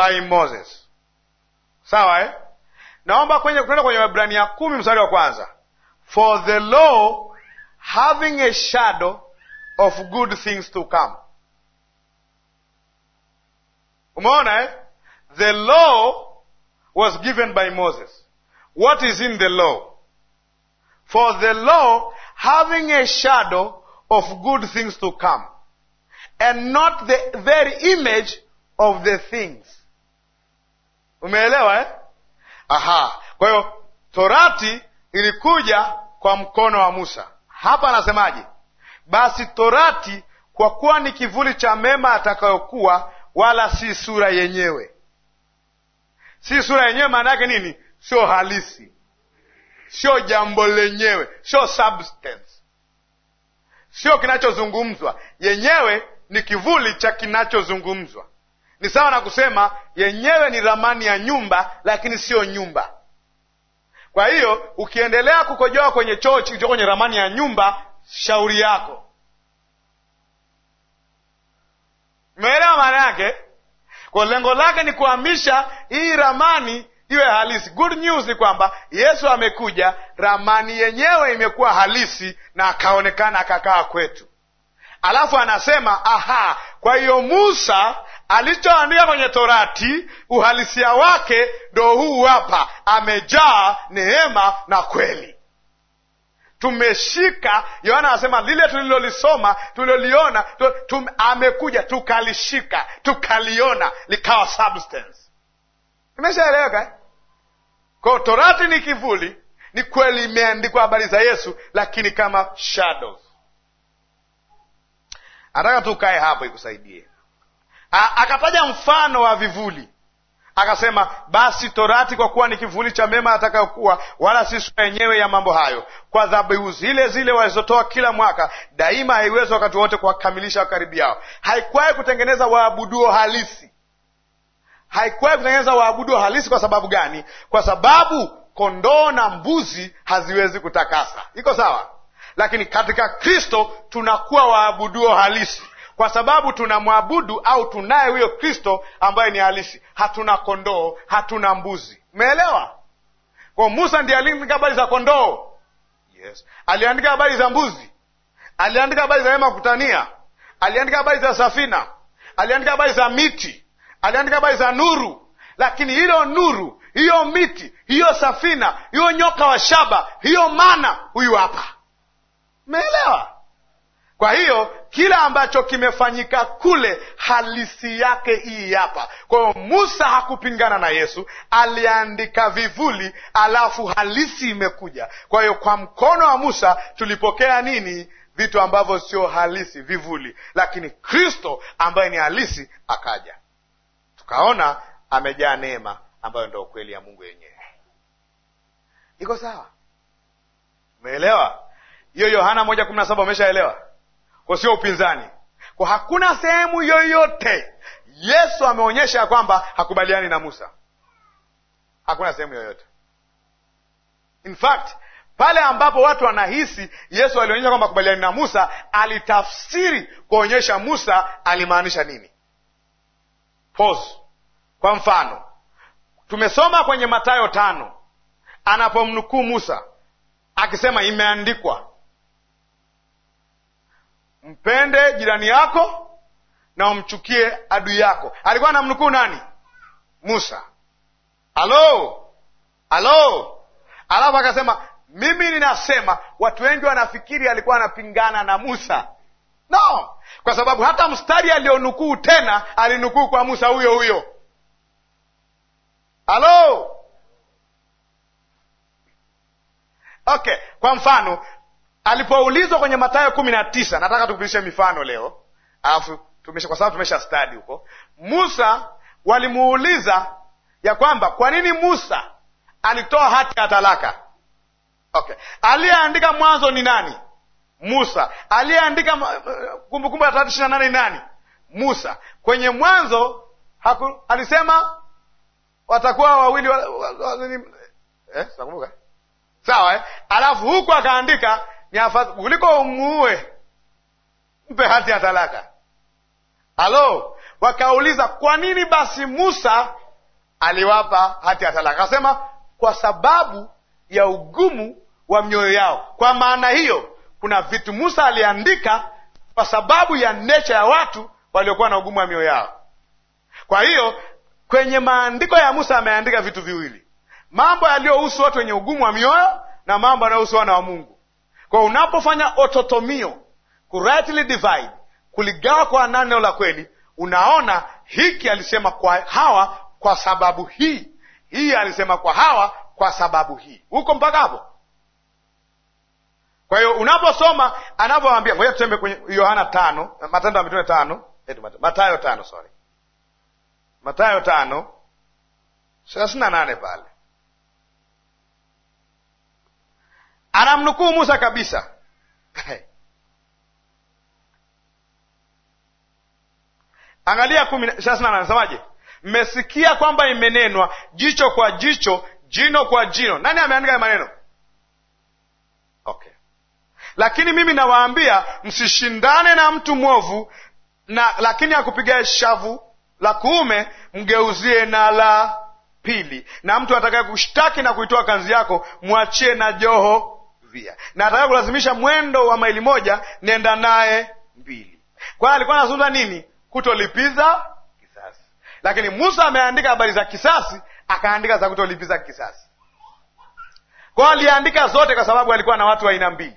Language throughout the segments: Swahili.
by Moses. Sawa eh? Naomba kwenye kuenda kwenye Waebrania kumi mstari wa kwanza, for the law having a shadow of good things to come. Umeona eh? The law was given by Moses. What is in the law? For the law having a shadow of good things to come, and not the very image of the things Umeelewa eh? Aha, kwa hiyo torati ilikuja kwa mkono wa Musa. Hapa anasemaje? Basi torati kwa kuwa ni kivuli cha mema atakayokuwa, wala si sura yenyewe. Si sura yenyewe maana yake nini? Sio halisi, sio jambo lenyewe, sio substance, sio kinachozungumzwa. Yenyewe ni kivuli cha kinachozungumzwa ni sawa na kusema yenyewe ni ramani ya nyumba, lakini siyo nyumba. Kwa hiyo ukiendelea kukojoa kwenye choo kilicho kwenye ramani ya nyumba, shauri yako. Umeelewa maana yake? Kwa lengo lake ni kuhamisha hii ramani iwe halisi. Good news ni kwamba Yesu amekuja, ramani yenyewe imekuwa halisi na akaonekana akakaa kwetu. Alafu anasema aha, kwa hiyo Musa alichoandika kwenye Torati, uhalisia wake ndo huu hapa, amejaa neema na kweli. Tumeshika, Yohana anasema lile tulilolisoma, tuliloliona, tum, amekuja tukalishika, tukaliona, likawa substance. Imeshaeleweka eh? kwao. Torati ni kivuli, ni kweli, imeandikwa habari za Yesu, lakini kama shadows. Nataka tukae hapo ikusaidie Akataja mfano wa vivuli, akasema basi torati kwa kuwa ni kivuli cha mema atakayokuwa, wala si sura yenyewe ya mambo hayo. Kwa dhabihu zile zile walizotoa kila mwaka, daima haiwezi wakati wote kuwakamilisha karibu yao. Haikuwahi kutengeneza waabuduo halisi, haikuwahi kutengeneza waabuduo halisi. Kwa sababu gani? Kwa sababu kondoo na mbuzi haziwezi kutakasa, iko sawa. Lakini katika Kristo tunakuwa waabuduo halisi kwa sababu tunamwabudu au tunaye huyo Kristo ambaye ni halisi. Hatuna kondoo, hatuna mbuzi. Umeelewa? Kwa Musa ndiye aliandika habari za kondoo. Yes, aliandika habari za mbuzi, aliandika habari za hema kutania, aliandika habari za safina, aliandika habari za miti, aliandika habari za nuru. Lakini hilo nuru, hiyo miti, hiyo safina, hiyo nyoka wa shaba, hiyo mana, huyu hapa. Umeelewa? Kwa hiyo kila ambacho kimefanyika kule halisi yake hii hapa. Kwa hiyo Musa hakupingana na Yesu, aliandika vivuli, alafu halisi imekuja. Kwa hiyo kwa mkono wa Musa tulipokea nini? Vitu ambavyo sio halisi, vivuli, lakini Kristo ambaye ni halisi akaja, tukaona amejaa neema ambayo ndo ukweli ya Mungu yenyewe. Iko sawa? Umeelewa hiyo? Yohana moja kumi na saba umeshaelewa? sio upinzani. Kwa hakuna sehemu yoyote Yesu ameonyesha ya kwamba hakubaliani na Musa, hakuna sehemu yoyote. In fact pale ambapo watu wanahisi Yesu alionyesha kwamba hakubaliani na Musa, alitafsiri kuonyesha Musa alimaanisha nini. Pause. Kwa mfano tumesoma kwenye matayo tano anapomnukuu Musa akisema imeandikwa Mpende jirani yako na umchukie adui yako. Alikuwa anamnukuu nani? Musa. Halo, halo. Alafu akasema mimi ninasema. Watu wengi wanafikiri alikuwa anapingana na Musa. No, kwa sababu hata mstari alionukuu tena alinukuu kwa Musa huyo huyo. Halo. Okay, kwa mfano alipoulizwa kwenye Mathayo kumi na tisa, nataka tukupitishe mifano leo alafu tumesha, kwa sababu tumesha stadi huko. Musa walimuuliza ya kwamba kwa nini Musa alitoa hati ya talaka? Okay, aliyeandika Mwanzo ni nani? Musa. Aliyeandika uh, Kumbukumbu la Torati ishirini na nane ni nani? Musa. Kwenye Mwanzo haku, alisema watakuwa wawili wa, wa, wa, wa, eh, sawa eh? Alafu huku akaandika ni afadhali kuliko umuue, mpe hati ya talaka. Halo, wakauliza kwa nini basi Musa aliwapa hati ya talaka? Akasema kwa sababu ya ugumu wa mioyo yao. Kwa maana hiyo, kuna vitu Musa aliandika kwa sababu ya necha ya watu waliokuwa na ugumu wa mioyo yao. Kwa hiyo kwenye maandiko ya Musa ameandika vitu viwili, mambo yaliyohusu watu wenye ugumu wa mioyo na mambo yanayohusu wana wa Mungu. Kwa unapofanya ototomio ku rightly divide, kuligawa kwa neno la kweli, unaona hiki alisema kwa hawa kwa sababu hii, hii alisema kwa hawa kwa sababu hii, huko mpaka hapo. Kwa hiyo unaposoma anavyoambia, moja tuseme kwenye Yohana tano, Matendo ya Mitume tano, eh, Matayo tano, sorry, Matayo tano thelathini na nane pale anamnukuu Musa kabisa angalia kumi thelathini anasemaje? Mmesikia kwamba imenenwa jicho kwa jicho, jino kwa jino. Nani ameandika maneno? Okay, lakini mimi nawaambia msishindane na mtu mwovu na, lakini akupiga shavu la kuume mgeuzie na la pili, na mtu atakaye kushtaki na kuitoa kanzi yako mwachie na joho via, na nataka kulazimisha mwendo wa maili moja nenda naye mbili. Kwa hiyo alikuwa anazungumza nini? Kutolipiza kisasi. Lakini Musa ameandika habari za kisasi, akaandika za kutolipiza kisasi. Kwa hiyo aliandika zote, kwa sababu alikuwa na watu wa aina mbili.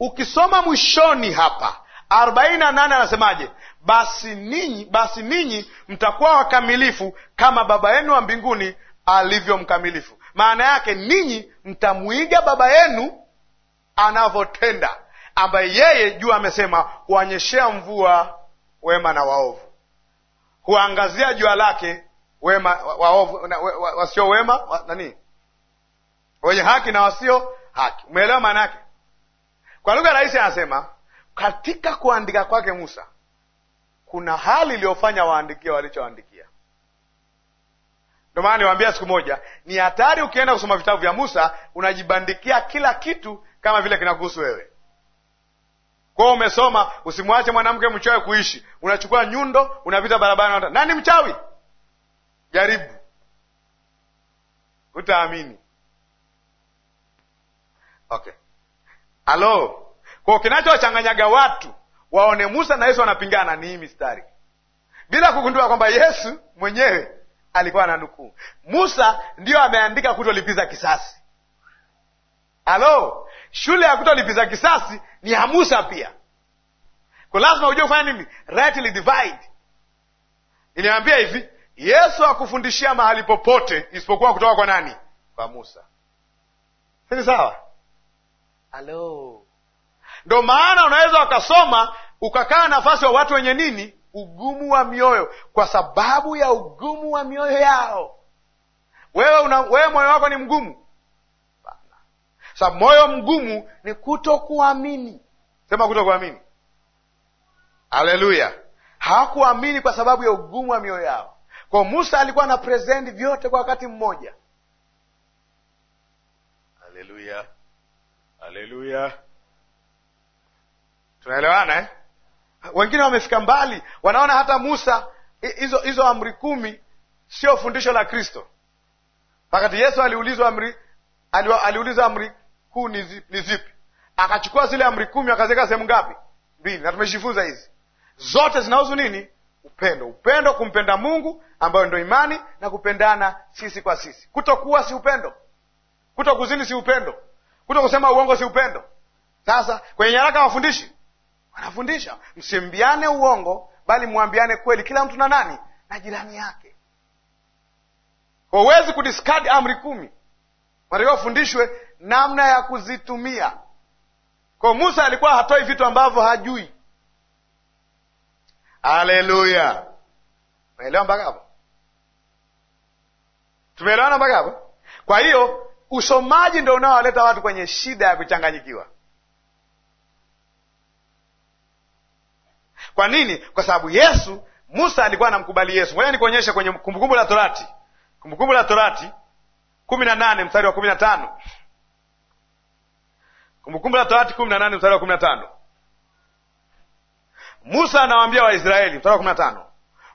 Ukisoma mwishoni hapa arobaini na nane anasemaje? Basi ninyi basi ninyi mtakuwa wakamilifu kama Baba yenu wa mbinguni alivyo mkamilifu. Maana yake ninyi mtamwiga baba yenu anavyotenda, ambaye yeye juu amesema huanyeshea mvua wema na waovu, huangazia jua lake wema waovu na, wa, wasio wema wa, nani wenye haki na wasio haki. Umeelewa maana yake? Kwa lugha rahisi anasema katika kuandika kwake Musa kuna hali iliyofanya waandikie walichoandika ndio maana niwaambia siku moja, ni hatari ukienda kusoma vitabu vya Musa unajibandikia kila kitu kama vile kinakuhusu wewe. Kwao umesoma, usimwache mwanamke mchawi kuishi, unachukua nyundo, unapita barabara, nani mchawi? Jaribu, utaamini. Okay, halo. Kwa kinachowachanganyaga watu waone Musa na Yesu wanapingana ni hii mistari, bila kugundua kwamba Yesu mwenyewe alikuwa ananukuu. Musa ndiyo ameandika kutolipiza kisasi. Halo, shule ya kutolipiza kisasi ni ya Musa pia. Kwa lazima ujue kufanya nini, rightly divide. hivi, Yesu akufundishia mahali popote isipokuwa kutoka kwa nani? Kwa Musa. Sini sawa? Halo, ndo maana unaweza ukasoma ukakaa nafasi wa watu wenye nini ugumu wa mioyo, kwa sababu ya ugumu wa mioyo yao. Wewe una, wewe moyo wako ni mgumu. sa moyo mgumu ni kutokuamini. Sema kutokuamini. aleluya Hawakuamini kwa sababu ya ugumu wa mioyo yao. Kwa Musa alikuwa na present vyote kwa wakati mmoja. Aleluya, aleluya! tunaelewana eh? Wengine wamefika mbali, wanaona hata Musa, hizo hizo amri kumi sio fundisho la Kristo. Wakati Yesu aliulizwa amri, aliulizwa amri kuu ni zipi, akachukua zile amri kumi akaziweka sehemu ngapi? Mbili, na tumejifunza hizi zote zinahusu nini? Upendo, upendo, kumpenda Mungu ambayo ndio imani, na kupendana sisi kwa sisi. Kutokuwa si upendo, kuto kuzini si upendo, kuto kusema uongo si upendo. Sasa kwenye nyaraka wafundishi anafundisha msimbiane uongo, bali mwambiane kweli kila mtu na nani na jirani yake. Huwezi kudiskadi amri kumi, unatakiwa ufundishwe namna ya kuzitumia. Kwa Musa alikuwa hatoi vitu ambavyo hajui. Haleluya, umeelewa mpaka hapo? Tumeelewana mpaka hapo? Kwa hiyo usomaji ndo unaowaleta watu kwenye shida ya kuchanganyikiwa. Kwa nini? Kwa sababu Yesu, Musa alikuwa anamkubali Yesu. Ngoja nikuonyeshe kwenye Kumbukumbu la Torati, Kumbukumbu la Torati kumi na nane mstari wa kumi na tano Kumbukumbu la Torati kumi na nane mstari wa kumi na tano Musa anawaambia Waisraeli, mstari wa kumi na tano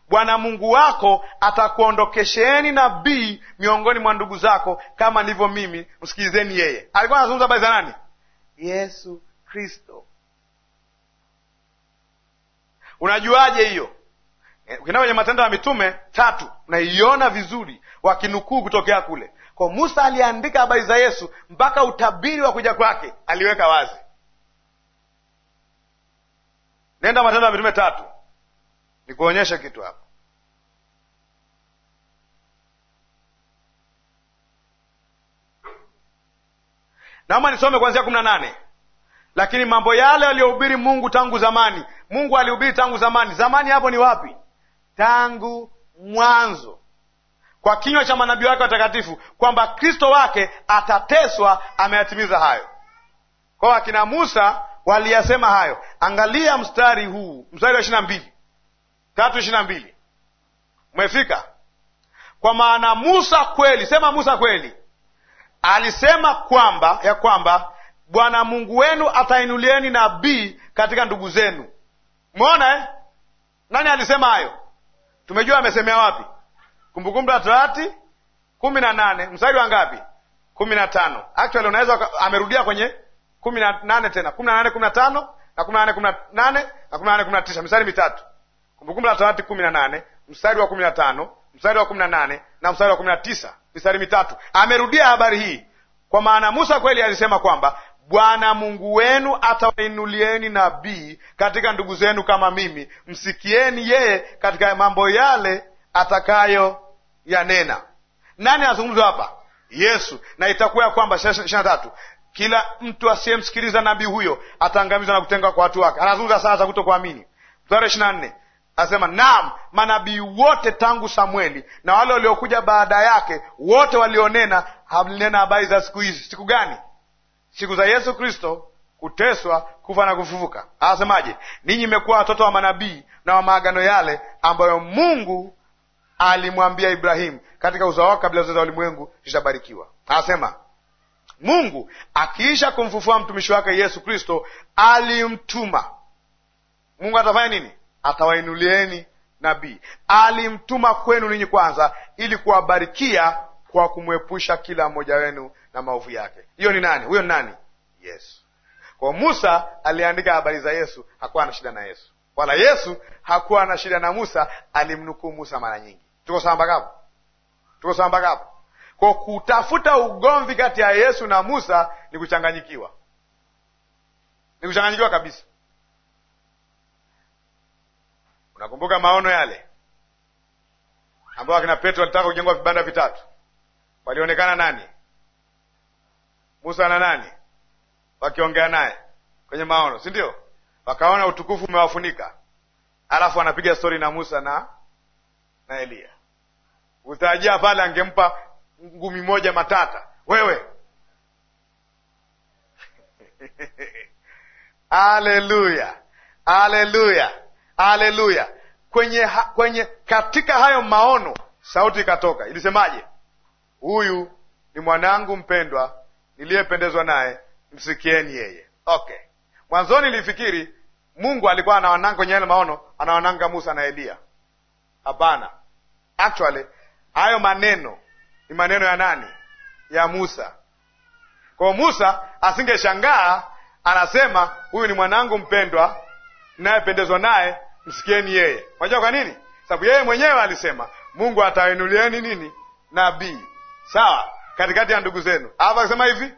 Bwana Mungu wako atakuondokesheni nabii miongoni mwa ndugu zako kama ndivyo mimi, msikilizeni yeye. Alikuwa anazungumza habari za nani? Yesu Kristo. Unajuaje hiyo? Eh, Ukienda kwenye Matendo ya Mitume tatu unaiona vizuri, wakinukuu kutokea kule kwa Musa. Aliandika habari za Yesu mpaka utabiri wa kuja kwake aliweka wazi. Nenda Matendo ya Mitume tatu nikuonyeshe kitu hapo. Naomba nisome kuanzia kumi na nane. Lakini mambo yale waliyohubiri Mungu tangu zamani Mungu alihubiri tangu zamani. Zamani hapo ni wapi? Tangu mwanzo, kwa kinywa cha manabii wake watakatifu, kwamba Kristo wake atateswa. Ameyatimiza hayo kwao. Akina Musa waliyasema hayo. Angalia mstari huu, mstari wa ishirini na mbili tatu ishirini na mbili umefika. Kwa maana Musa kweli, sema Musa kweli alisema kwamba ya kwamba Bwana Mungu wenu atainulieni nabii katika ndugu zenu Mwona eh? Nani alisema hayo? Tumejua amesemea wapi? Kumbukumbu la Torati kumi na nane mstari wa ngapi? kumi na tano. Actually unaweza amerudia kwenye kumi na nane tena, kumi na nane kumi na tano na kumi na nane kumi na nane na kumi na nane kumi na tisa mistari mitatu. Kumbukumbu la Torati kumi na nane mstari wa kumi na tano mstari wa kumi na nane na mstari wa kumi na tisa mistari mitatu amerudia habari hii. Kwa maana Musa kweli alisema kwamba Bwana Mungu wenu atawainulieni nabii katika ndugu zenu kama mimi, msikieni yeye katika mambo yale atakayo yanena. Nani anazungumzwa hapa? Yesu. Na itakuwa ya kwamba, ishirini na tatu, kila mtu asiyemsikiliza nabii huyo ataangamizwa na kutengwa kwa watu wake. Anazungumza sana za kutokuamini. Mstari ishirini na nne anasema naam, manabii wote tangu Samueli na wale waliokuja baada yake wote walionena, hamlinena habari za siku hizi. Siku gani? siku za Yesu Kristo, kuteswa, kufa na kufufuka. Anasemaje? Ninyi mmekuwa watoto wa manabii na wa maagano yale ambayo Mungu alimwambia Ibrahimu, katika uzao wako kabila zote za ulimwengu zitabarikiwa. Anasema Mungu akiisha kumfufua mtumishi wake Yesu Kristo alimtuma. Mungu atafanya nini? Atawainulieni nabii. Alimtuma kwenu ninyi kwanza, ili kuwabarikia kwa kumwepusha kila mmoja wenu na maovu yake. Hiyo ni nani? Huyo ni nani? Yesu. Kwa Musa aliandika habari za Yesu, hakuwa na shida na Yesu, wala Yesu hakuwa na shida na Musa. Alimnukuu Musa mara nyingi. Tuko sawa mpaka hapo? Tuko sawa mpaka hapo? Kwa kutafuta ugomvi kati ya Yesu na Musa ni kuchanganyikiwa, ni kuchanganyikiwa kabisa. Unakumbuka maono yale ambayo akina Petro alitaka kujengwa vibanda vitatu, walionekana nani? Musa na nani wakiongea naye kwenye maono, si ndio? Wakaona utukufu umewafunika, alafu anapiga stori na Musa na na Eliya. Utarajia pale angempa ngumi moja matata, wewe Aleluya, aleluya, aleluya! Kwenye, kwenye katika hayo maono sauti ikatoka, ilisemaje? Huyu ni mwanangu mpendwa niliyependezwa naye, msikieni yeye. Okay, mwanzoni nilifikiri Mungu alikuwa anawananga kwenye yale maono, anawananga Musa na Eliya. Hapana, actually hayo maneno ni maneno ya nani? Ya Musa. Kwa Musa asingeshangaa, anasema huyu ni mwanangu mpendwa, nayependezwa naye, msikieni yeye. Unajua kwa nini? Sababu yeye mwenyewe alisema Mungu atawinulieni nini? Nabii. Sawa katikati ya ndugu zenu. Alafu akasema hivi,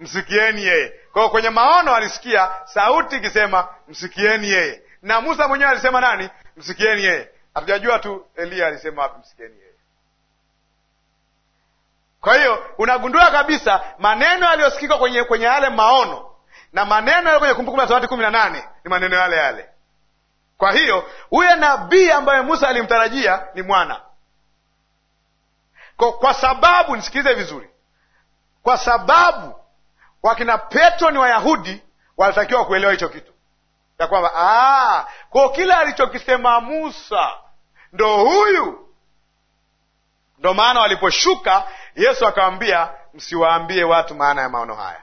msikieni yeye. Kwa hiyo kwenye maono alisikia sauti ikisema msikieni yeye, na Musa mwenyewe alisema nani? Msikieni yeye. Hatujajua tu Eliya alisema wapi msikieni yeye. Kwa hiyo unagundua kabisa maneno yaliyosikika kwenye kwenye yale maono na maneno yale kwenye Kumbukumbu la Torati kumi na nane ni maneno yale yale. Kwa hiyo huyo nabii ambaye Musa alimtarajia ni mwana kwa, kwa sababu nisikilize vizuri, kwa sababu wakina Petro ni Wayahudi, walitakiwa kuelewa hicho kitu ya kwamba ah, ko kila alichokisema Musa ndo huyu. Ndo maana waliposhuka, Yesu akawambia, msiwaambie watu maana ya maono haya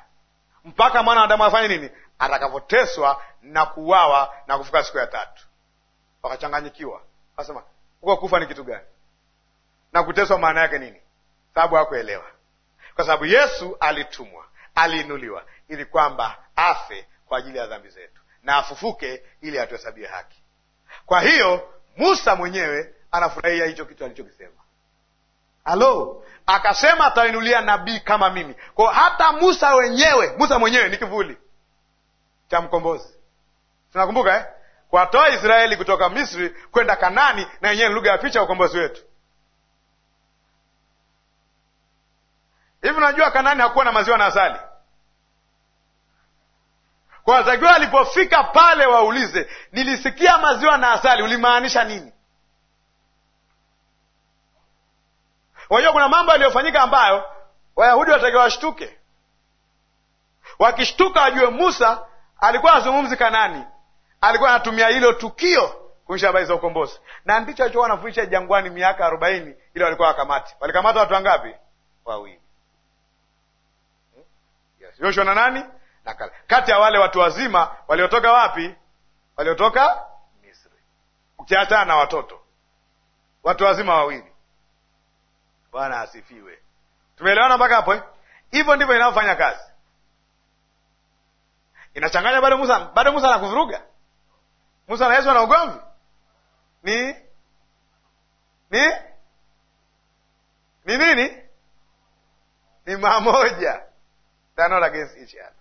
mpaka mwana wa Adamu afanye nini? Atakapoteswa na kuwawa na kufuka siku ya tatu. Wakachanganyikiwa, akasema huko kufa ni kitu gani na kuteswa maana yake nini? Sababu hakuelewa kwa sababu Yesu alitumwa, aliinuliwa ili kwamba afe kwa ajili ya dhambi zetu na afufuke ili atuhesabie haki. Kwa hiyo Musa mwenyewe anafurahia hicho kitu alichokisema. Halo, akasema atainulia nabii kama mimi. Kwa hata Musa wenyewe, Musa mwenyewe ni kivuli cha mkombozi, tunakumbuka eh? Kuwatoa Israeli kutoka Misri kwenda Kanani, na yenyewe ni lugha ya picha ya ukombozi wetu. Hivi unajua Kanani hakuwa na maziwa na asali? Kwa watakiwa alipofika pale, waulize, nilisikia maziwa na asali, ulimaanisha nini? Unajua kuna mambo yaliyofanyika ambayo Wayahudi watakiwa washtuke. Wakishtuka wajue Musa alikuwa azungumzi Kanani, alikuwa anatumia hilo tukio kuisha habari za ukombozi, na ndicho alichokuwa anafundisha jangwani miaka arobaini. ili walikuwa wakamati, walikamata watu wangapi? Wawili. Yoshua na nani na Kale, kati ya wale watu wazima waliotoka wapi? Waliotoka Misri, ukiachana na watoto, watu wazima wawili. Bwana asifiwe. Tumeelewana mpaka hapo eh? Hivyo ndivyo inavyofanya kazi. Inachanganya bado. Musa bado Musa anakuvuruga. Musa na Yesu ana ugomvi ni ni ni nini? ni mamoja they against each other.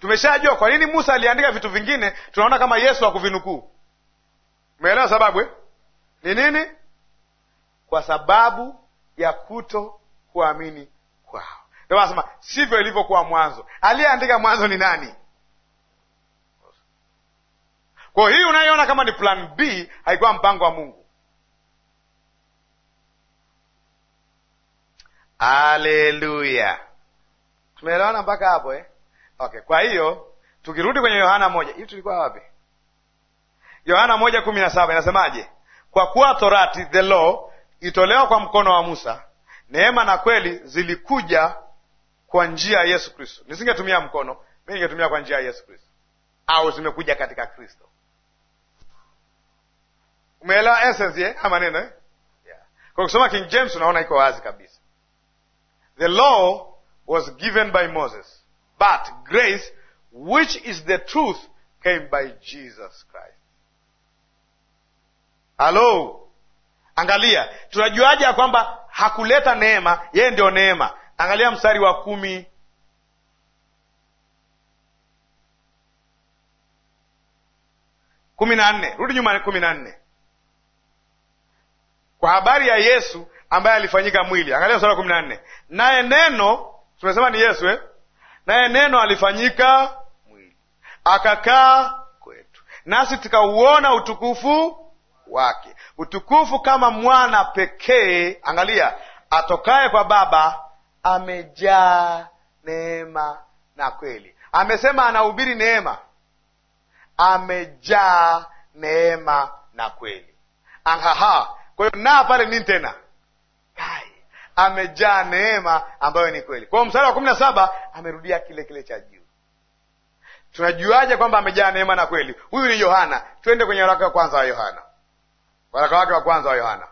Tumeshajua kwa nini Musa aliandika vitu vingine, tunaona kama Yesu hakuvinukuu. Umeelewa sababu eh? Ni nini? Kwa sababu ya kuto kuamini kwao. Ndio anasema sivyo ilivyokuwa mwanzo. Aliyeandika mwanzo ni nani? Kwa hii unayoona kama ni plan B haikuwa mpango wa Mungu. Aleluya. Tumeelewana mpaka hapo eh? Okay, kwa hiyo tukirudi kwenye Yohana moja, hivi tulikuwa wapi? Yohana moja kumi na saba inasemaje? Kwa kuwa torati the law itolewa kwa mkono wa Musa, neema na kweli zilikuja kwa njia ya Yesu Kristo. Nisingetumia mkono, mi ningetumia kwa njia ya Yesu Kristo, au zimekuja katika Kristo. Umeelewa essence eh? ama neno eh? yeah. Kwa kusoma King James unaona iko wazi kabisa the law was given by Moses, but grace, which is the truth, came by Jesus Christ. Hello? angalia, tunajuaje ya kwamba hakuleta neema, yeye ndio neema? Angalia mstari wa kumi kumi na nne rudi nyuma, kumi na nne kwa habari ya Yesu ambaye alifanyika mwili. Angalia mstari wa kumi na nne naye neno tumesema ni Yesu eh? Naye neno alifanyika mwili akakaa kwetu, nasi tukauona utukufu wake, utukufu kama mwana pekee, angalia, atokaye kwa Baba, amejaa neema na kweli. Amesema anahubiri neema, amejaa neema na kweli. ahaha kwa hiyo naa pale nini tena amejaa neema ambayo ni kweli. Kwa hiyo mstari wa kumi na saba amerudia kile kile cha juu. Tunajuaje kwamba amejaa neema na kweli? Huyu ni Yohana. Twende kwenye waraka wa kwanza wa Yohana, waraka wake wa kwanza wa Yohana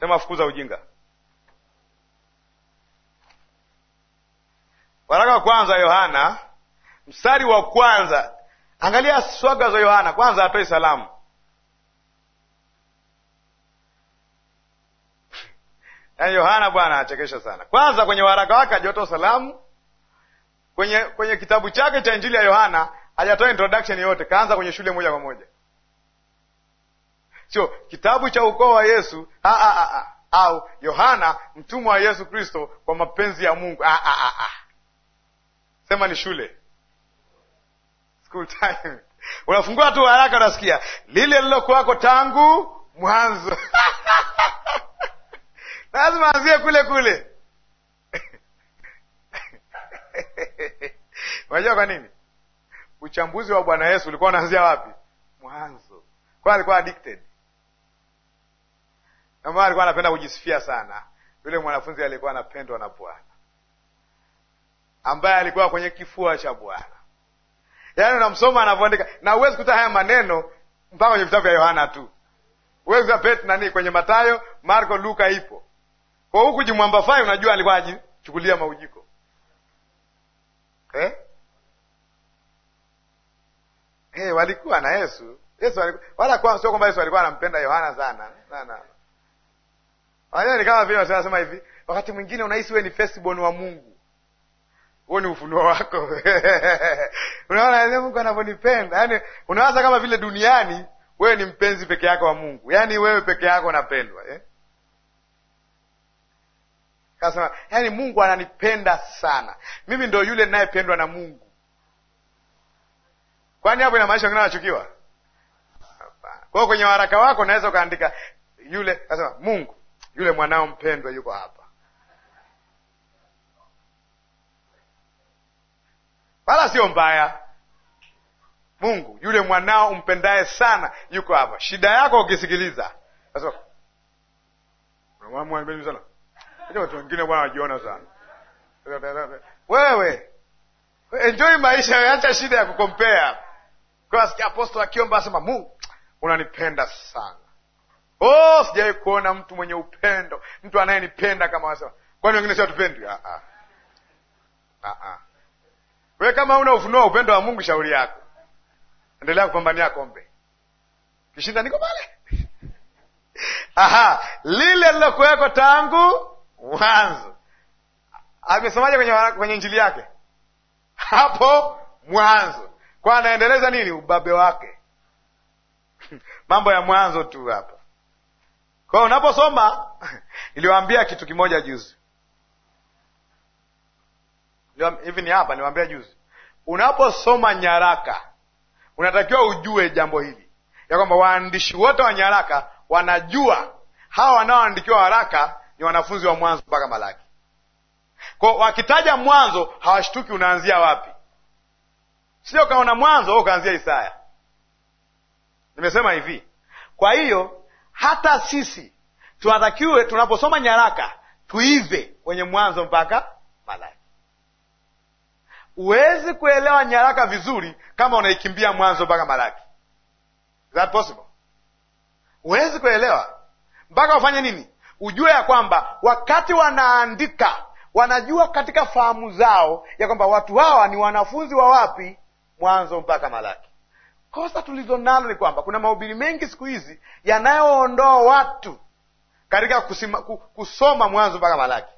sema fukuza ujinga. Waraka wa kwanza wa Yohana mstari wa kwanza. Angalia swaga za Yohana, kwanza apei salamu Yaani Yohana bwana anachekesha sana. Kwanza kwenye waraka wake hajatoa salamu. Kwenye kwenye kitabu chake cha Injili ya Yohana hajatoa introduction yote, kaanza kwenye shule moja kwa moja. Sio kitabu cha ukoo wa Yesu ha, ha, ha, ha, au Yohana mtumwa wa Yesu Kristo kwa mapenzi ya Mungu. ha, ha, ha, ha. Sema ni shule. School time. Unafungua tu haraka unasikia lile lilokuwako tangu mwanzo. lazima anzie kule kule. Unajua kwa nini? Uchambuzi wa Bwana Yesu ulikuwa unaanzia wapi? Mwanzo. Kwa alikuwa addicted, Na mwana alikuwa anapenda kujisifia sana. Yule mwanafunzi alikuwa anapendwa na Bwana, ambaye alikuwa kwenye kifua cha Bwana. Yaani unamsoma anavyoandika, na uwezi kuta haya maneno mpaka kwenye vitabu vya Yohana tu, huwezi kutapeti nani kwenye Matayo, Marko, Luka ipo kwa huku jimwamba fai unajua alikuwa ajichukulia maujiko eh? Eh, walikuwa na Yesu Yesu walikuwa, wala kwa sio kwamba Yesu alikuwa anampenda Yohana sana sana. Wajua ni kama vile wasema sema hivi, wakati mwingine unahisi wewe ni firstborn wa Mungu, Wewe ni ufunuo wako unaona yeye yaani Mungu anavyonipenda, yaani unawaza kama vile duniani wewe ni mpenzi peke yako wa Mungu, yaani wewe peke yako unapendwa eh? Kasema yani, Mungu ananipenda sana mimi, ndo yule ninayependwa na Mungu. Kwani hapo ina wengine wanachukiwa? Kwa hiyo kwenye waraka wako naweza ukaandika yule, kasema Mungu, yule mwanao mpendwa yuko hapa. Wala sio mbaya. Mungu, yule mwanao umpendaye sana yuko hapa. Shida yako ukisikiliza, Acha watu wengine bwana wajiona sana. Wewe enjoy maisha, acha shida ya kukompea. Kwa sikia apostol akiomba asema, Mungu unanipenda sana. Oh, sijawai kuona mtu mwenye upendo, mtu anayenipenda kama wasema. Kwani wengine si watupendwi? Ah ah. Ah ah. Wewe kama una ufunuo wa upendo wa Mungu, shauri yako. Endelea kupambania kombe. Kishinda niko pale. Aha, lile lilokuweko tangu mwanzo. Amesemaje kwenye, kwenye injili yake? Hapo mwanzo, kwa anaendeleza nini? Ubabe wake mambo ya mwanzo tu hapa. Kwa hiyo unaposoma, niliwaambia kitu kimoja juzi hivi ni hapa, niwaambia juzi, unaposoma nyaraka unatakiwa ujue jambo hili ya kwamba waandishi wote wa nyaraka wanajua hawa wanaoandikiwa haraka ni wanafunzi wa Mwanzo mpaka Malaki. Kwa wakitaja Mwanzo hawashtuki unaanzia wapi, sio kaona Mwanzo ukaanzia Isaya. Nimesema hivi. Kwa hiyo hata sisi tunatakiwe tunaposoma nyaraka tuive kwenye Mwanzo mpaka Malaki. Huwezi kuelewa nyaraka vizuri kama unaikimbia Mwanzo mpaka Malaki. Is that possible? Huwezi kuelewa mpaka ufanye nini? ujue ya kwamba wakati wanaandika wanajua katika fahamu zao ya kwamba watu hawa ni wanafunzi wa wapi? Mwanzo mpaka Malaki. Kosa tulizo nalo ni kwamba kuna mahubiri mengi siku hizi yanayoondoa watu katika kusima, kusoma Mwanzo mpaka Malaki.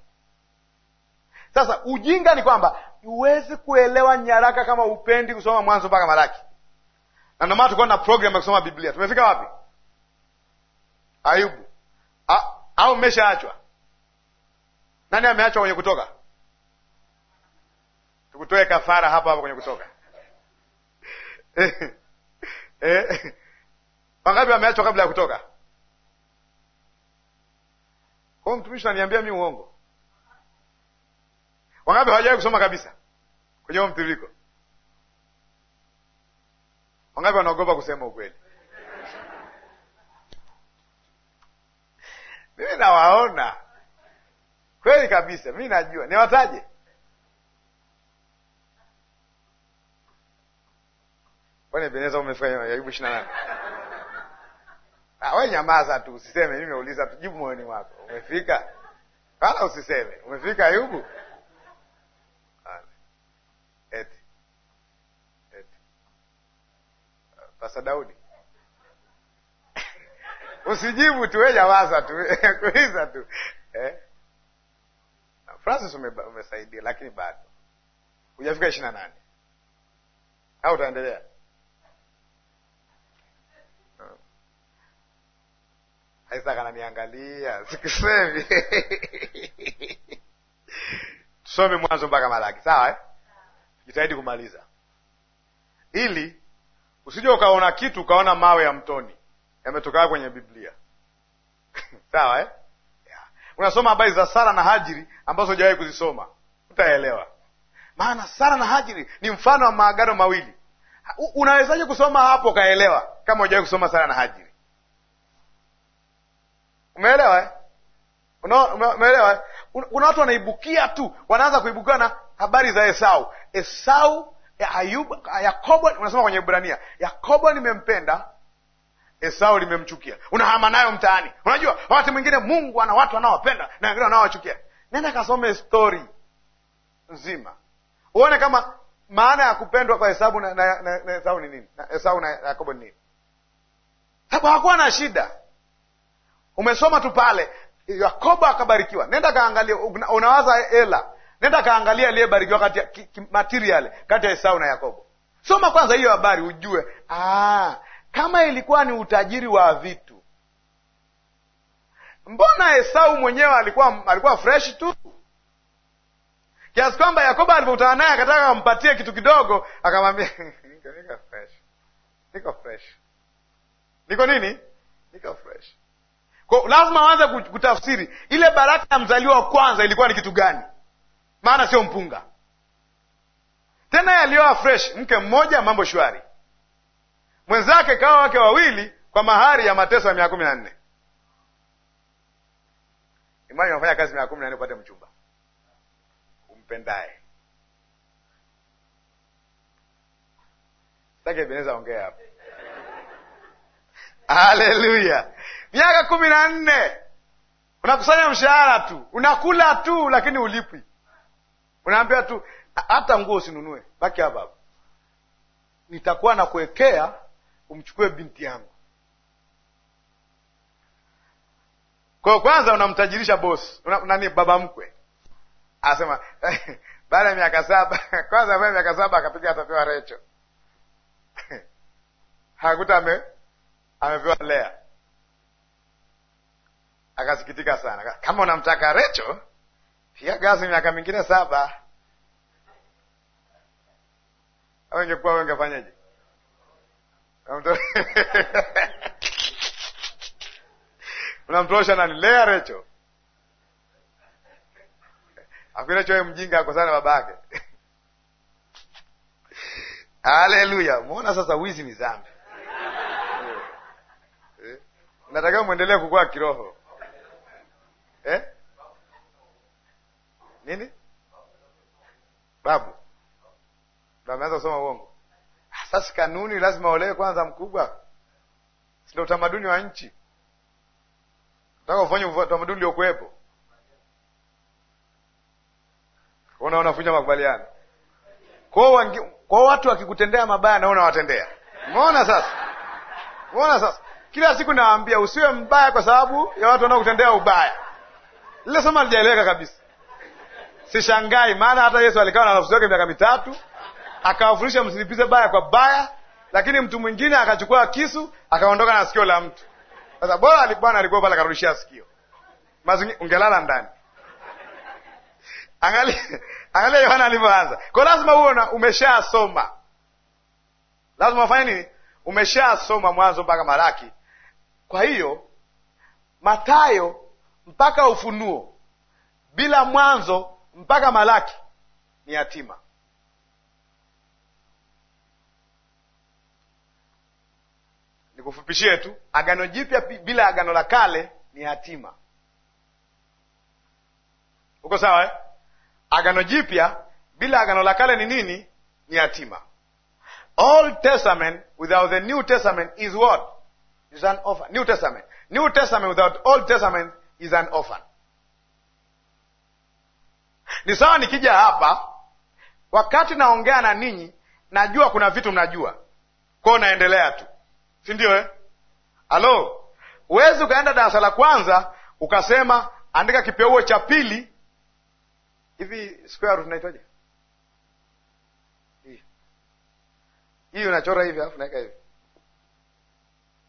Sasa ujinga ni kwamba huwezi kuelewa nyaraka kama upendi kusoma Mwanzo mpaka Malaki, na ndomana maana na programu ya kusoma Biblia. Tumefika wapi? Ayubu au mmeshaachwa? Nani ameachwa kwenye Kutoka? Tukutoe kafara hapo hapo kwenye Kutoka. Eh, eh. wangapi wameachwa kabla ya Kutoka? Kwa mtumishi ananiambia mi uongo. Wangapi hawajawahi kusoma kabisa kwenye huo mtiririko? Wangapi wanaogopa kusema ukweli? mimi nawaona kweli kabisa, mi najua. Niwataje? kwani Ebeneza umefanya jaribu ishirini na nane ah, we nyamaza tu, usiseme. Mimi nimeuliza tu, jibu moyoni mwako. Umefika wala usiseme. Umefika Ayubu Pasa Daudi Usijibu tu, weja waza tu kuuliza tu eh? Francis umesaidia, lakini bado hujafika ishirini na nane au utaendelea ah. Aisa kananiangalia sikusemi. Tusome Mwanzo mpaka Malaki, sawa eh? Jitahidi kumaliza ili usije ukaona kitu ukaona mawe ya mtoni yametoka kwenye Biblia sawa eh? yeah. Unasoma habari za Sara na Hajiri ambazo hujawahi kuzisoma, utaelewa maana Sara na Hajiri ni mfano wa maagano mawili. Unawezaje kusoma hapo ukaelewa kama hujawahi kusoma Sara na Hajiri? Umeelewa eh? Umeelewa eh? Kuna watu wanaibukia tu, wanaanza kuibukiwa na habari za Esau. Esau ya Yakobo, unasoma kwenye Ibrania, Yakobo nimempenda Esau limemchukia, unahama nayo mtaani. Unajua wakati mwingine Mungu ana watu anaowapenda na wengine wanaowachukia. Nenda kasome stori nzima uone kama maana ya kupendwa kwa Esau na, na, na, na Esau ni nini, na Esau na Yakobo ni nini? Sababu hakuwa na shida, umesoma tu pale. Yakobo akabarikiwa. Nenda kaangalia, unawaza ela, nenda kaangalia aliyebarikiwa kati ya material kati ya Esau na Yakobo. Soma kwanza hiyo habari ujue, ah, kama ilikuwa ni utajiri wa vitu, mbona Esau mwenyewe alikuwa alikuwa fresh tu kiasi kwamba Yakobo alivyokutana naye akataka ampatie kitu kidogo, akamwambia niko fresh, niko fresh, niko nini, niko fresh. Kwa lazima aanze kutafsiri ile baraka ya mzaliwa wa kwanza ilikuwa ni kitu gani, maana sio mpunga tena, yaliyoa fresh, mke mmoja, mambo shwari mwenzake kawa wake wawili kwa mahari ya mateso ya miaka kumi na nne. Imani unafanya kazi miaka kumi na nne upate mchumba umpendaye. Sitaki Beneza ongea hapo. Haleluya! miaka kumi na nne unakusanya mshahara tu, unakula tu, lakini ulipwi. Unaambia tu hata nguo usinunue, baki hapa na kuekea umchukue binti yangu. Kwa hiyo kwanza unamtajirisha bosi, una, nani baba mkwe asema eh, baada ya miaka saba kwanza, baada ya miaka saba akapiga atapewa Recho hakuta ame, amepewa Lea akasikitika sana. Kama unamtaka Recho piga gazi miaka mingine saba, wengekuwa wengefanyaje? unamtosha nani? Lea Recho akinachwe mjinga akosana baba yake. Haleluya! Muona sasa, wizi ni zambi eh? Natakiwa mwendelee kukua kiroho eh? nini babu ameanza kusoma uongo sasa kanuni lazima olewe kwanza, mkubwa, sindo utamaduni wa nchi. Nataka ufanye utamaduni uliokuwepo, una unavunja makubaliano kwa kwa watu wakikutendea mabaya na unawatendea. Umeona sasa, umeona sasa. Kila siku nawaambia usiwe mbaya kwa sababu ya watu wanaokutendea ubaya. Lile soma lijaeleweka kabisa, sishangai, maana hata Yesu alikaa na wanafunzi wake miaka mitatu akawafurisha msilipize baya kwa baya, lakini mtu mwingine akachukua kisu akaondoka na sikio la mtu. Sasa bora bwana alikuwa pale akarudishia sikio, ungelala ndani. Angalia, angalia Yohana alivyoanza kwa, lazima uona umeshasoma, lazima ufanye nini? Umeshasoma Mwanzo mpaka Malaki. Kwa hiyo Matayo mpaka Ufunuo bila Mwanzo mpaka Malaki ni yatima. nikufupishie tu, agano jipya bila agano la kale ni hatima. Uko sawa eh? Agano jipya bila agano la kale ni nini? Ni hatima. Old Testament without the New Testament is what? Is an orphan. New Testament. New Testament without Old Testament is an orphan. Ni sawa nikija hapa, wakati naongea na ninyi, najua kuna vitu mnajua, kwao naendelea tu sindio eh? Alo, uwezi ukaenda darasa la kwanza ukasema andika kipeuo cha pili hivi, square root hii? Unachora hivi alafu naweka hivi,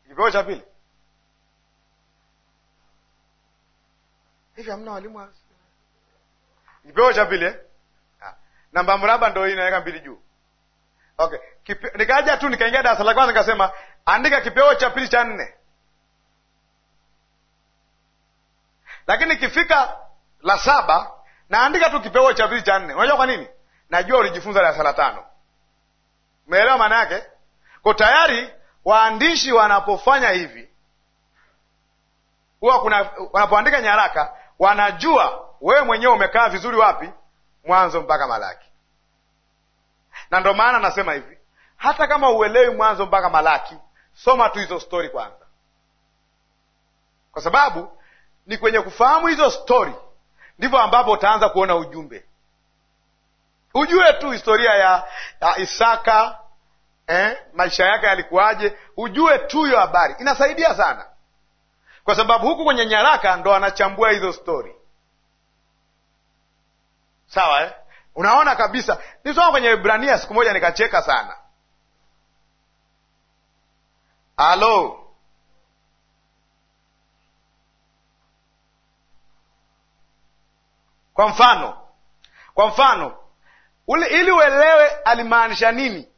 kipeuo cha pili hivi. Hamna walimu kipeuo cha pili eh? Ah. namba mraba ndo hii, naweka mbili juu Okay. Kipe... nikaja tu nikaingia darasa la kwanza nikasema, andika kipeo cha pili cha nne, lakini kifika la saba naandika tu kipeo cha pili cha nne. Unajua kwa nini? Najua ulijifunza darasa la tano. Umeelewa maana yake? Kwa tayari waandishi wanapofanya hivi huwa kuna wanapoandika nyaraka wanajua wewe mwenyewe umekaa vizuri wapi, mwanzo mpaka Malaki na ndo maana nasema hivi, hata kama uelewi Mwanzo mpaka Malaki, soma tu hizo stori kwanza, kwa sababu ni kwenye kufahamu hizo stori ndivyo ambapo utaanza kuona ujumbe. Ujue tu historia ya, ya Isaka eh, maisha yake yalikuwaje, ujue tu hiyo habari inasaidia sana, kwa sababu huku kwenye nyaraka ndo anachambua hizo stori, sawa eh? Unaona kabisa, nisoma kwenye Ibrania siku moja nikacheka sana. Halo, kwa mfano, kwa mfano ule, ili uelewe alimaanisha nini,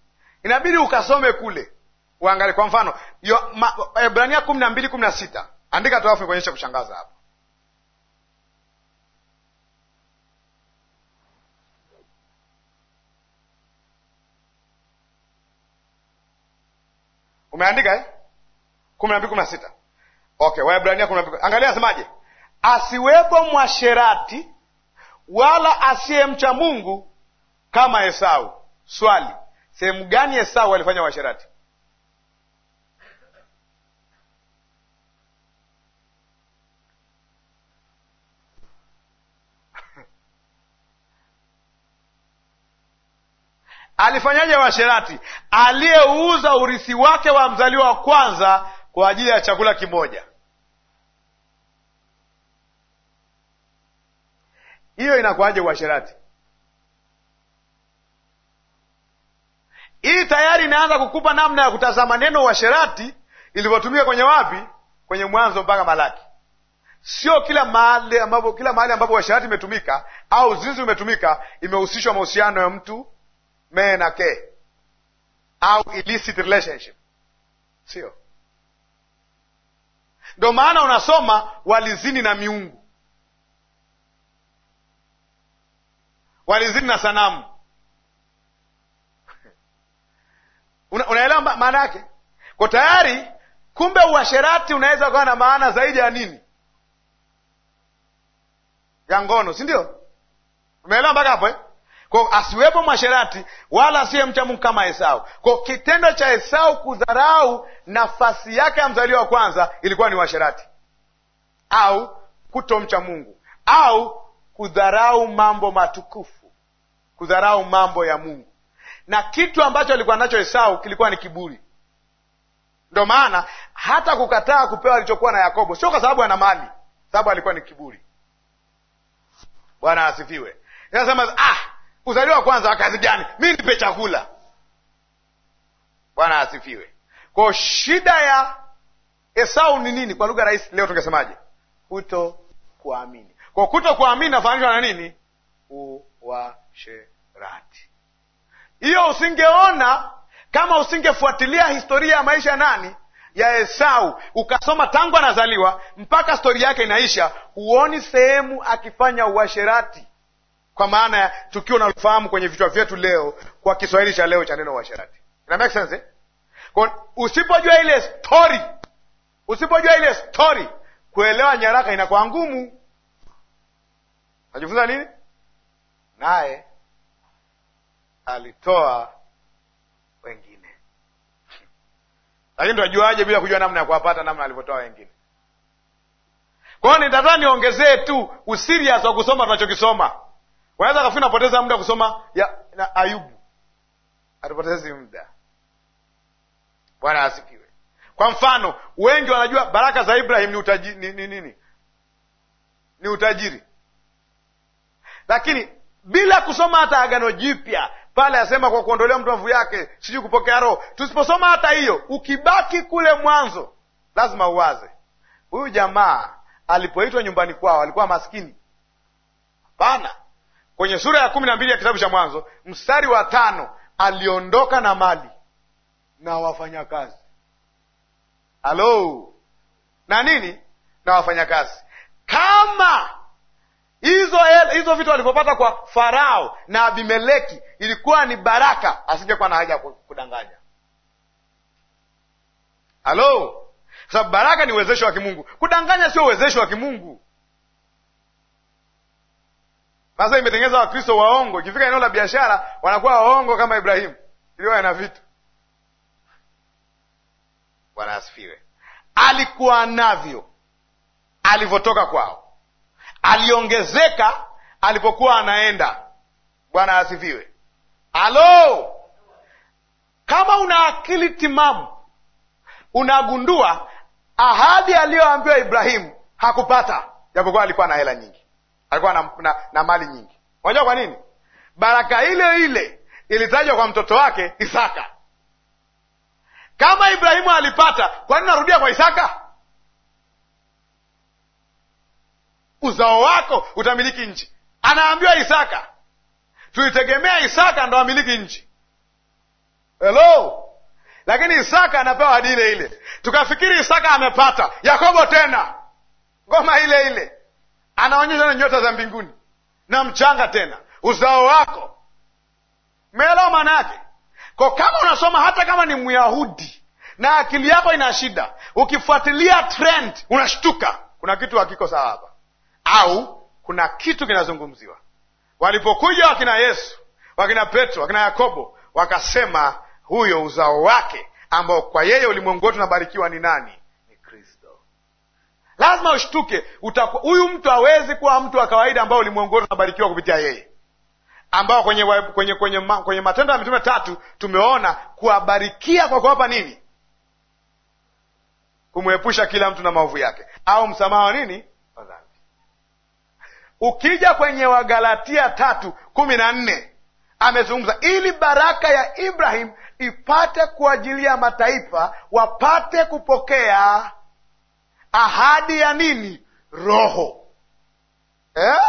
inabidi ukasome kule uangalie. Kwa mfano Ibrania kumi na mbili kumi na sita andika tuafu kuonyesha kushangaza hapa umeandika eh? kumi na mbili kumi na sita okay, Waebrania kumi na mbili angalia asemaje, asiwepo mwasherati wala asiyemcha Mungu kama Esau. Swali, sehemu gani Esau alifanya uasherati? alifanyaje washerati? aliyeuza urithi wake wa mzaliwa wa kwanza kwa ajili ya chakula kimoja. Hiyo inakuwaje uasherati? Hii tayari inaanza kukupa namna ya kutazama neno uasherati ilivyotumika kwenye wapi? Kwenye Mwanzo mpaka Malaki. Sio kila mahali ambapo kila mahali ambapo uasherati imetumika au zinzi umetumika imehusishwa mahusiano ya mtu men na au illicit relationship, sio? Ndo maana unasoma walizini na miungu, walizini na sanamu. Unaelewa maana yake kwa tayari. Kumbe uasherati unaweza ukawa na maana zaidi ya nini, ya ngono, si Umeelewa mpaka hapo eh? kwao, asiwepo mwasherati wala asiye mcha Mungu kama Esau. Kwao kitendo cha Esau kudharau nafasi yake ya mzaliwa wa kwanza ilikuwa ni uasherati au kutomcha Mungu au kudharau mambo matukufu, kudharau mambo ya Mungu. Na kitu ambacho alikuwa nacho Esau kilikuwa ni kiburi. Ndo maana hata kukataa kupewa alichokuwa na Yakobo sio kwa sababu ana mali, sababu alikuwa ni kiburi. Bwana asifiwe. Nasema ah, uzaliwa wa kwanza wa kazi gani? Mi nipe chakula. Bwana asifiwe. Kwa shida ya Esau ni nini? Kwa lugha rahisi leo tungesemaje? Kuto kuamini. Kwa kuto kuamini nafananishwa na nini? Uasherati. Hiyo usingeona kama usingefuatilia historia ya maisha nani ya Esau ukasoma tangu anazaliwa mpaka stori yake inaisha, huoni sehemu akifanya uasherati kwa maana ya tukio unalofahamu kwenye vichwa vyetu leo kwa Kiswahili cha leo cha neno uasherati. Ina make sense eh? Kwa usipojua ile story, usipojua ile story, kuelewa nyaraka inakuwa ngumu. Najifunza nini? Naye alitoa wengine, lakini tunajuaje bila kujua namna ya kuwapata, namna alivyotoa wengine? Kwa hiyo nitataka niongezee tu usiri wa kusoma tunachokisoma Unaweza kafikiri unapoteza muda kusoma ya na Ayubu, atupotezi muda. Bwana asifiwe. Kwa mfano, wengi wanajua baraka za Ibrahim ni utajiri, ni nini? Ni, ni utajiri, lakini bila kusoma hata Agano Jipya pale asema kwa kuondolea mtu mavu yake, sijui kupokea roho. Tusiposoma hata hiyo, ukibaki kule mwanzo, lazima uwaze huyu jamaa alipoitwa nyumbani kwao alikuwa maskini? Hapana kwenye sura ya kumi na mbili ya kitabu cha Mwanzo mstari wa tano aliondoka na mali na wafanyakazi halo na nini na wafanyakazi kama hizo hizo vitu alivyopata kwa Farao na Abimeleki ilikuwa ni baraka, asingekuwa na haja ya kudanganya. Halo, sababu baraka ni uwezesho wa Kimungu. Kudanganya sio uwezesho wa Kimungu. Sasa imetengeneza Wakristo waongo, ikifika eneo la biashara wanakuwa waongo kama Ibrahimu iliyoya na vitu. Bwana asifiwe. Alikuwa navyo alivyotoka kwao, aliongezeka alipokuwa anaenda. Bwana asifiwe. Halo, kama una akili timamu unagundua ahadi aliyoambiwa Ibrahimu hakupata, japokuwa alikuwa na hela nyingi alikuwa na, na, na mali nyingi. Unajua kwa nini? Baraka ile ile ilitajwa kwa mtoto wake Isaka. Kama Ibrahimu alipata, kwa nini narudia kwa Isaka? Uzao wako utamiliki nchi, anaambiwa Isaka. Tulitegemea Isaka ndo amiliki nchi. Hello, lakini Isaka anapewa hadi ile ile, tukafikiri Isaka amepata. Yakobo tena ngoma ile ile anaonyesha na nyota za mbinguni na mchanga, tena uzao wako. meelewa maana yake? ko kama unasoma hata kama ni Myahudi na akili yako ina shida, ukifuatilia trend unashtuka, kuna kitu hakiko sawa hapa, au kuna kitu kinazungumziwa. Walipokuja wakina Yesu, wakina Petro, wakina Yakobo, wakasema huyo uzao wake ambao kwa yeye ulimwengu wetu unabarikiwa ni nani? lazima ushtuke. Huyu mtu awezi kuwa mtu wa kawaida ambao ulimwongoza unabarikiwa kupitia yeye, ambao kwenye, kwenye, kwenye, kwenye Matendo ya Mitume tatu tumeona kuwabarikia kwa kuwapa nini? Kumwepusha kila mtu na maovu yake, au msamaha wa nini Ukija kwenye Wagalatia tatu kumi na nne amezungumza ili baraka ya Ibrahim ipate kuajilia mataifa wapate kupokea ahadi ya nini? Roho eh?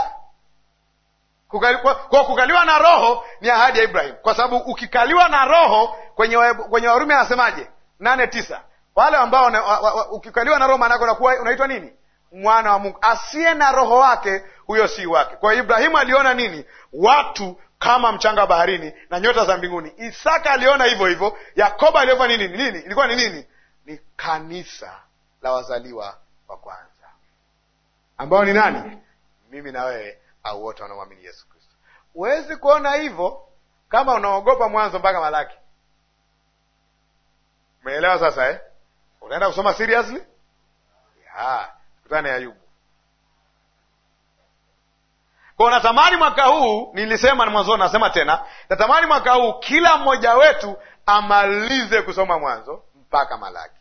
Kukali, kwa, kwa kukaliwa na roho ni ahadi ya Ibrahim, kwa sababu ukikaliwa na roho kwenye, kwenye Warumi anasemaje? nane tisa wale ambao na, wa, wa, ukikaliwa na roho maanake unakuwa unaitwa nini? Mwana wa Mungu. Asiye na roho wake huyo si wake. Kwa Ibrahimu aliona nini? Watu kama mchanga wa baharini na nyota za mbinguni. Isaka aliona hivyo hivyo. Yakobo aliona nini? Nini ilikuwa ni nini? Ni kanisa la wazaliwa wa kwanza, ambao ni nani? Mimi na wewe au wote wanaomwamini Yesu Kristo. Huwezi kuona hivyo kama unaogopa Mwanzo mpaka Malaki. Umeelewa sasa eh? Unaenda kusoma seriously? Yeah. Tukutane Ayubu. Kwa natamani mwaka huu, nilisema ni mwanzo, nasema tena, natamani mwaka huu kila mmoja wetu amalize kusoma Mwanzo mpaka Malaki.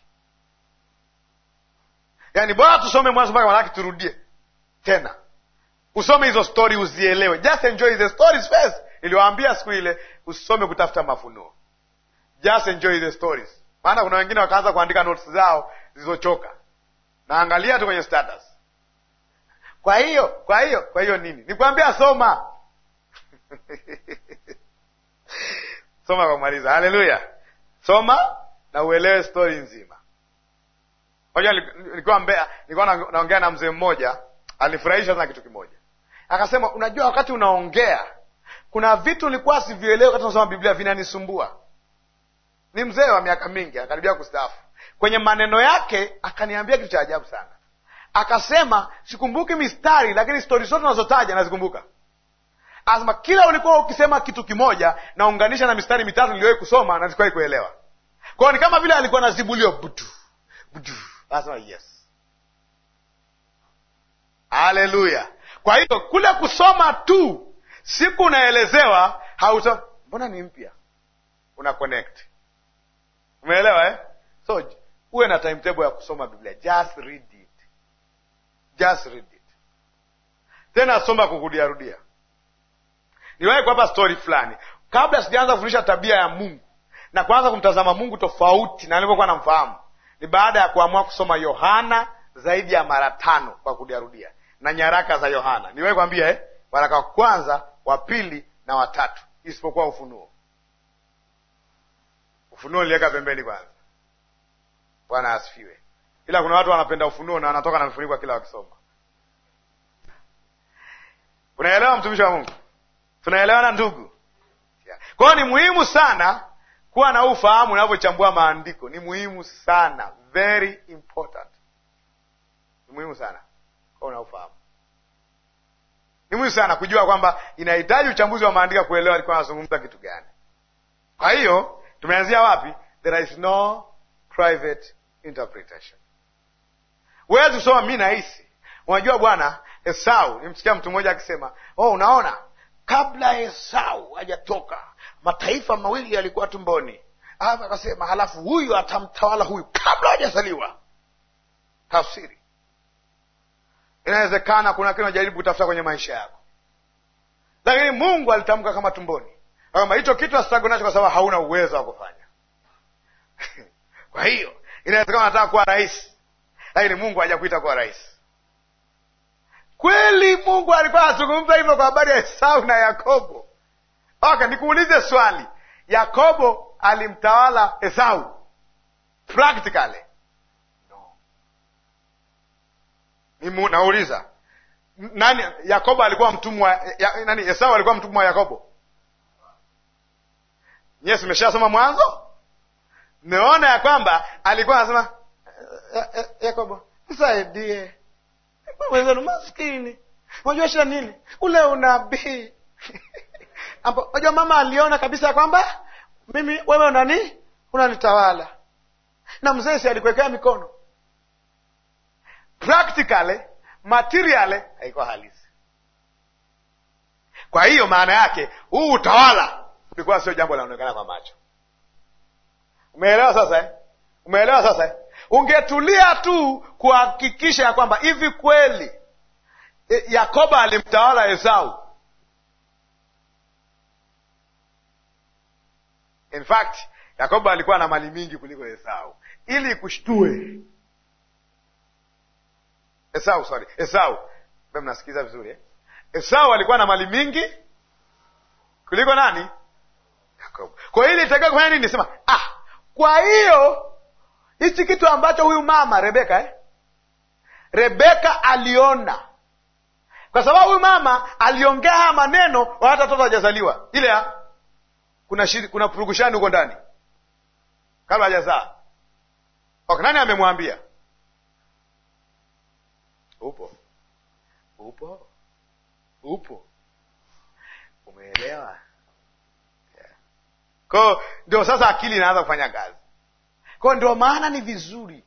Yaani bora tusome Mwanzo mpaka Malaki turudie tena, usome hizo stori uzielewe. Just enjoy the stories first. siku ile usome kutafuta mafunuo, just enjoy the stories, maana kuna wengine wakaanza kuandika notes zao zilizochoka. Naangalia tu kwenye status. Kwa hiyo kwa hiyo kwa hiyo nini, nikuambia soma soma kwa kumaliza. Haleluya, soma na uelewe stori nzima. Unajua nilikuwa Mbeya, nilikuwa naongea na mzee mmoja, alifurahisha sana kitu kimoja. Akasema, unajua wakati unaongea kuna vitu nilikuwa sivielewi wakati unasoma Biblia, vinanisumbua. Ni mzee wa miaka mingi, akaribia kustaafu. Kwenye maneno yake akaniambia kitu cha ajabu sana. Akasema sikumbuki mistari, lakini stori zote unazotaja nazikumbuka. Anasema kila ulikuwa ukisema kitu kimoja naunganisha na mistari mitatu niliwahi kusoma na sikuwahi kuelewa. Kwa hiyo ni kama vile alikuwa nazibulio butu butu lazima yes. Haleluya! Kwa hiyo kule kusoma tu, siku unaelezewa hauso, mbona ni mpya, una connect, umeelewa eh? So uwe na timetable ya kusoma Biblia, just read it, just read it tena, soma kukudiarudia. niwahi kuwapa stori fulani kabla sijaanza kufundisha tabia ya Mungu na kuanza kumtazama Mungu tofauti na nilivyokuwa namfahamu ni baada ya kuamua kusoma Yohana zaidi ya mara tano kwa kudiarudia na nyaraka za Yohana niwahi kwambia eh? waraka wa kwanza wa pili na watatu isipokuwa Ufunuo. Ufunuo niliweka pembeni kwanza. Bwana asifiwe. Ila kuna watu wanapenda Ufunuo na wanatoka na mifuniko kila wakisoma. Unaelewa, mtumishi wa Mungu? Tunaelewana ndugu? Kwa hiyo ni muhimu sana kuwa na ufahamu unavyochambua maandiko ni muhimu sana, very important, ni muhimu sana kwa na ufahamu. Ni muhimu sana kujua kwamba inahitaji uchambuzi wa maandiko kuelewa alikuwa anazungumza kitu gani. Kwa hiyo tumeanzia wapi? There is no private interpretation. Huwezi kusoma mi nahisi. Unajua bwana Esau, nimsikia mtu mmoja akisema, oh, unaona kabla Esau hajatoka mataifa mawili yalikuwa tumboni alafu akasema halafu huyu atamtawala huyu kabla hajazaliwa tafsiri inawezekana kuna kile najaribu kutafuta kwenye maisha yako lakini mungu alitamka kama tumboni kwamba hicho kitu asitake nacho kwa sababu hauna uwezo wa kufanya kwa hiyo inawezekana unataka kuwa rais lakini mungu hajakuita kuwa rais kweli mungu alikuwa anazungumza hivyo kwa habari ya esau na yakobo Okay, nikuulize swali. Yakobo alimtawala Esau practically? No. Nauliza, nani? Yakobo alikuwa mtumwa ya, nani? Esau alikuwa mtumwa wa Yakobo? Yesu simeshasoma Mwanzo, Meona ya kwamba alikuwa anasema eh, eh, eh, Yakobo, msaidie mwenzenu maskini, unajua shida nini? Ule unabii ambapo unajua mama aliona kabisa kwamba mimi wewe unani unanitawala, na mzee si alikuwekea mikono. Practically materially haiko halisi. Kwa hiyo maana yake huu utawala ulikuwa sio jambo linaonekana kwa macho. Umeelewa sasa eh? Umeelewa sasa eh? Ungetulia tu kuhakikisha ya kwamba hivi kweli eh, Yakoba alimtawala Esau In fact Yakobo alikuwa na mali mingi kuliko Esau ili ikushtue Esau, sorry, Esau. Mnasikiza vizuri eh? Esau alikuwa na mali mingi kuliko nani? Yakobo. Kwa hiyo ilitakiwa kufanya nini? Sema ah, kwa hiyo hichi kitu ambacho huyu mama Rebeka eh? Rebeka aliona kwa sababu huyu mama aliongea haya maneno wakati watoto ajazaliwa ile ya kuna shiri, kuna purugushani huko ndani kabla hajazaa. Okay, nani amemwambia? Upo, upo, upo, umeelewa? Yeah. ndio sasa akili inaanza kufanya kazi. ko ndio maana ni vizuri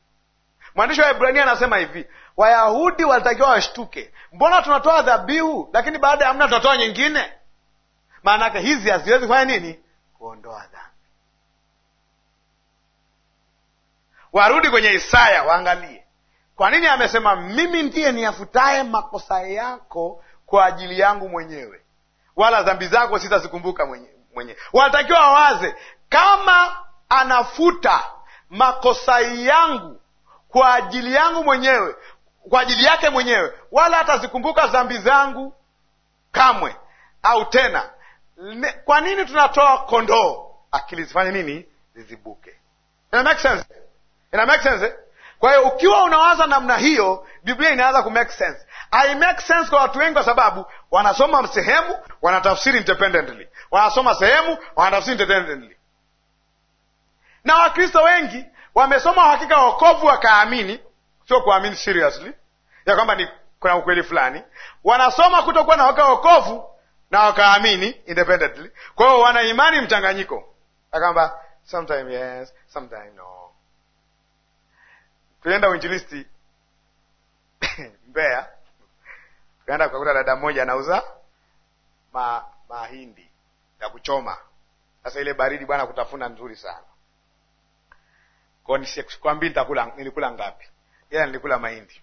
Mwandishi wa Ibrania anasema hivi, Wayahudi walitakiwa washtuke, mbona tunatoa dhabihu, lakini baada ya muda tunatoa nyingine? Maana yake hizi haziwezi kufanya nini? kuondoa dhambi. Warudi kwenye Isaya waangalie kwa nini amesema mimi ndiye niyafutaye makosa yako kwa ajili yangu mwenyewe, wala dhambi zako sitazikumbuka mwenyewe mwenye. Wanatakiwa wawaze kama anafuta makosa yangu kwa ajili yangu mwenyewe, kwa ajili yake mwenyewe, wala atazikumbuka dhambi zangu kamwe. Au tena kwa nini tunatoa kondoo? Akili zifanye nini? Zizibuke. Ina make sense? Ina make sense Kwa hiyo ukiwa unawaza namna hiyo, Biblia inaanza ku make sense. make sense kwa watu wengi, kwa sababu wanasoma sehemu wanatafsiri independently, wanasoma sehemu wanatafsiri independently. Na Wakristo wengi wamesoma uhakika wa wokovu wakaamini, sio kuamini seriously ya kwamba ni kuna ukweli fulani, wanasoma kutokuwa na uhakika wokovu na wakaamini independently. Kwa hiyo wana imani mchanganyiko, akamba sometime yes, sometime no. Tulienda uinjilisti Mbeya, tukaenda tukakuta dada mmoja anauza ma mahindi ya kuchoma. Sasa ile baridi bwana, kutafuna nzuri sana kwa nisikwambii nitakula, nilikula ngapi, ila nilikula mahindi.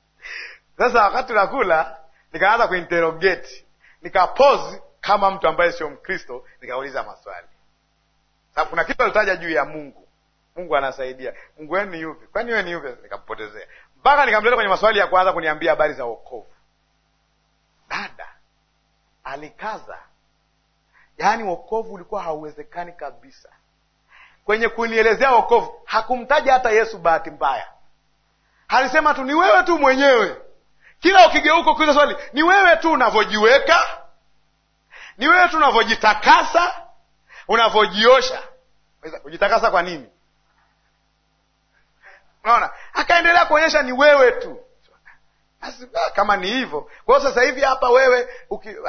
Sasa wakati nakula nikaanza kuinterogeti nikapozi kama mtu ambaye sio Mkristo, nikauliza maswali. Sababu kuna kitu alitaja juu ya Mungu, Mungu anasaidia, Mungu wenu ni yupi? Kwani wewe ni yupi? Nikampotezea mpaka nikamleta kwenye maswali ya kwanza kuniambia habari za wokovu. Dada alikaza, yaani wokovu ulikuwa hauwezekani kabisa kwenye kunielezea wokovu. Hakumtaja hata Yesu, bahati mbaya, alisema tu ni wewe tu mwenyewe kila ukigeuka ukiuliza swali, ni wewe tu unavyojiweka, ni wewe tu unavyojitakasa, unavyojiosha. Ujitakasa kwa nini? Unaona, akaendelea kuonyesha ni wewe tu ah, kama ni hivyo. Kwa hiyo sasa hivi hapa wewe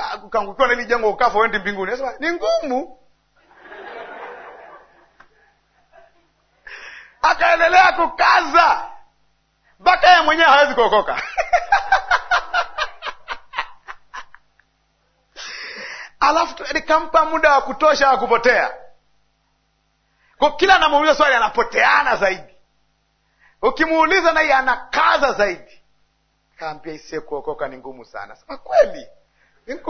ah, ukaangukiwa na hili jengo ukafa, uendi mbinguni, nasema ni ngumu. Akaendelea kukaza mpaka ye mwenyewe hawezi kuokoka. alafu nikampa muda wa kutosha wa kupotea. Kwa kila anamuuliza swali anapoteana zaidi, ukimuuliza naye anakaza zaidi. Kaambia isie kuokoka ni ngumu sana. Sema kweli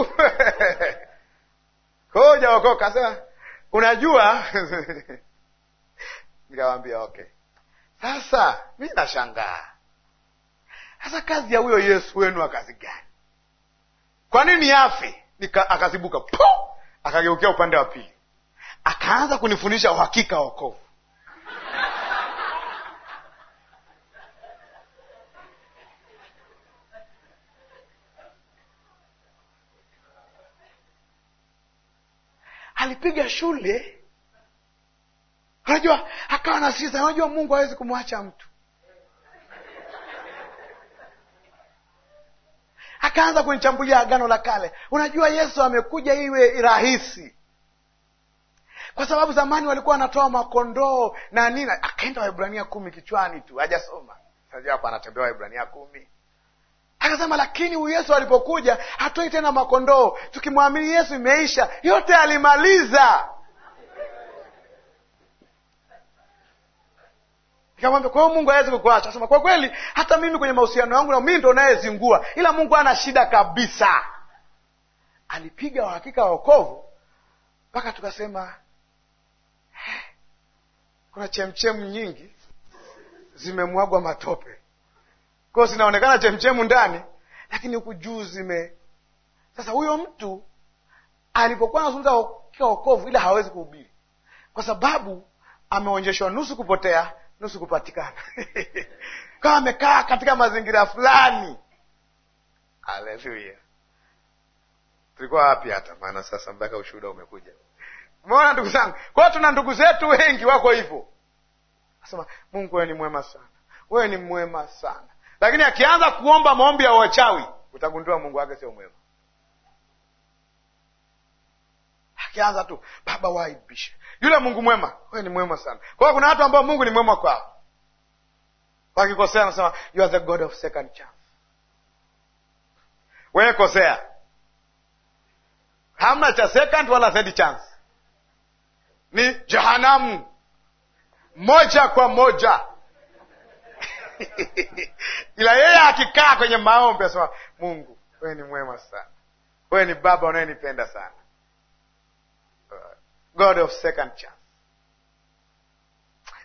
ko ujaokoka? Sema unajua nikawambia okay. Sasa mi nashangaa sasa, kazi ya huyo Yesu wenu wa kazi gani? Kwa nini afe? akazibuka akageukea upande wa pili, akaanza kunifundisha uhakika wa Alipiga shule, unajua, akawa nasiza unajua Mungu hawezi kumwacha mtu akaanza kunichambulia agano la kale unajua yesu amekuja iwe rahisi kwa sababu zamani walikuwa wanatoa makondoo na nini akaenda waibrania kumi kichwani tu hajasoma sasa anatembea waibrania kumi akasema lakini huyu yesu alipokuja hatoi tena makondoo tukimwamini yesu imeisha yote alimaliza Nikamwambia, kwa hiyo Mungu hawezi kukuacha. Asema kwa kweli, hata mimi kwenye mahusiano yangu na mimi ndo nayezingua, ila Mungu ana shida kabisa. Alipiga uhakika wa wokovu mpaka tukasema eh, kuna chemchemu nyingi zimemwagwa matope, kwao zinaonekana chemchemu ndani, lakini huku juu zime. Sasa huyo mtu alipokuwa anazungumza uhakika wa wokovu, ila hawezi kuhubiri kwa sababu ameonyeshwa nusu kupotea nusu kupatikana kama amekaa katika mazingira fulani. Haleluya! tulikuwa wapi hata maana sasa mpaka ushuhuda umekuja. Umeona ndugu zangu, kwao tuna ndugu zetu wengi wako hivyo, asema Mungu wewe ni mwema sana, wewe ni mwema sana, lakini akianza kuomba maombi ya wachawi utagundua Mungu wake sio mwema. ukianza tu baba waibishe yule Mungu mwema, wewe ni mwema sana. Kwa hiyo kuna watu ambao Mungu ni mwema kwao, wakikosea anasema you are the God of second chance. Wewe kosea, hamna cha second wala third chance, ni jehanamu moja kwa moja ila yeye akikaa kwenye maombi asema, Mungu wewe ni mwema sana, wewe ni baba unayenipenda sana God of second chance.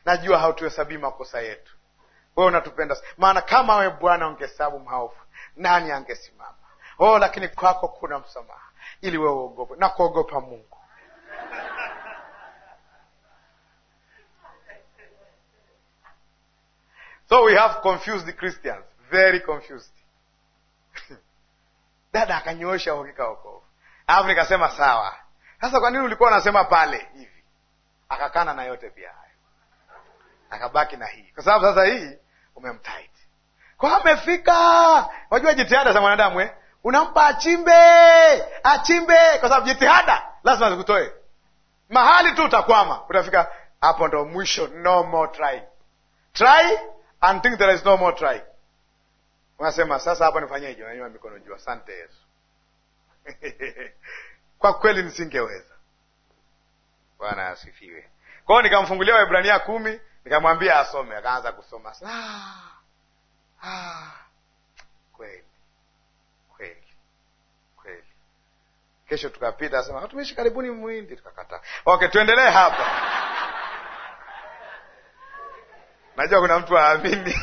Najua hautuhesabii makosa yetu, wewe unatupenda, maana kama we Bwana ungehesabu maovu, nani angesimama? Oh, lakini kwako kuna msamaha ili wewe uogope na kuogopa Mungu. So we have confused Christians, very confused. Dada akanyoosha uhakika wokovu, alafu nikasema sawa sasa kwa nini ulikuwa unasema pale hivi? Akakana na yote pia hayo, akabaki na hii, kwa sababu sasa hii umemtait kwa amefika. Unajua jitihada za mwanadamu eh? Unampa achimbe achimbe, kwa sababu jitihada lazima zikutoe mahali tu, utakwama, utafika hapo, ndo mwisho. No more try try think there is no more try. Unasema sasa, hapo nifanyeje? Unanyua mikono juu, asante Yesu kwa kweli nisingeweza. Bwana asifiwe. Kwa hiyo nikamfungulia Waebrania kumi nikamwambia asome, akaanza kusoma. Ah, ah, kweli kweli kweli. Kesho tukapita, asema watumishi, ah, karibuni mwindi Tukakataa. Okay, tuendelee hapa najua kuna mtu aamini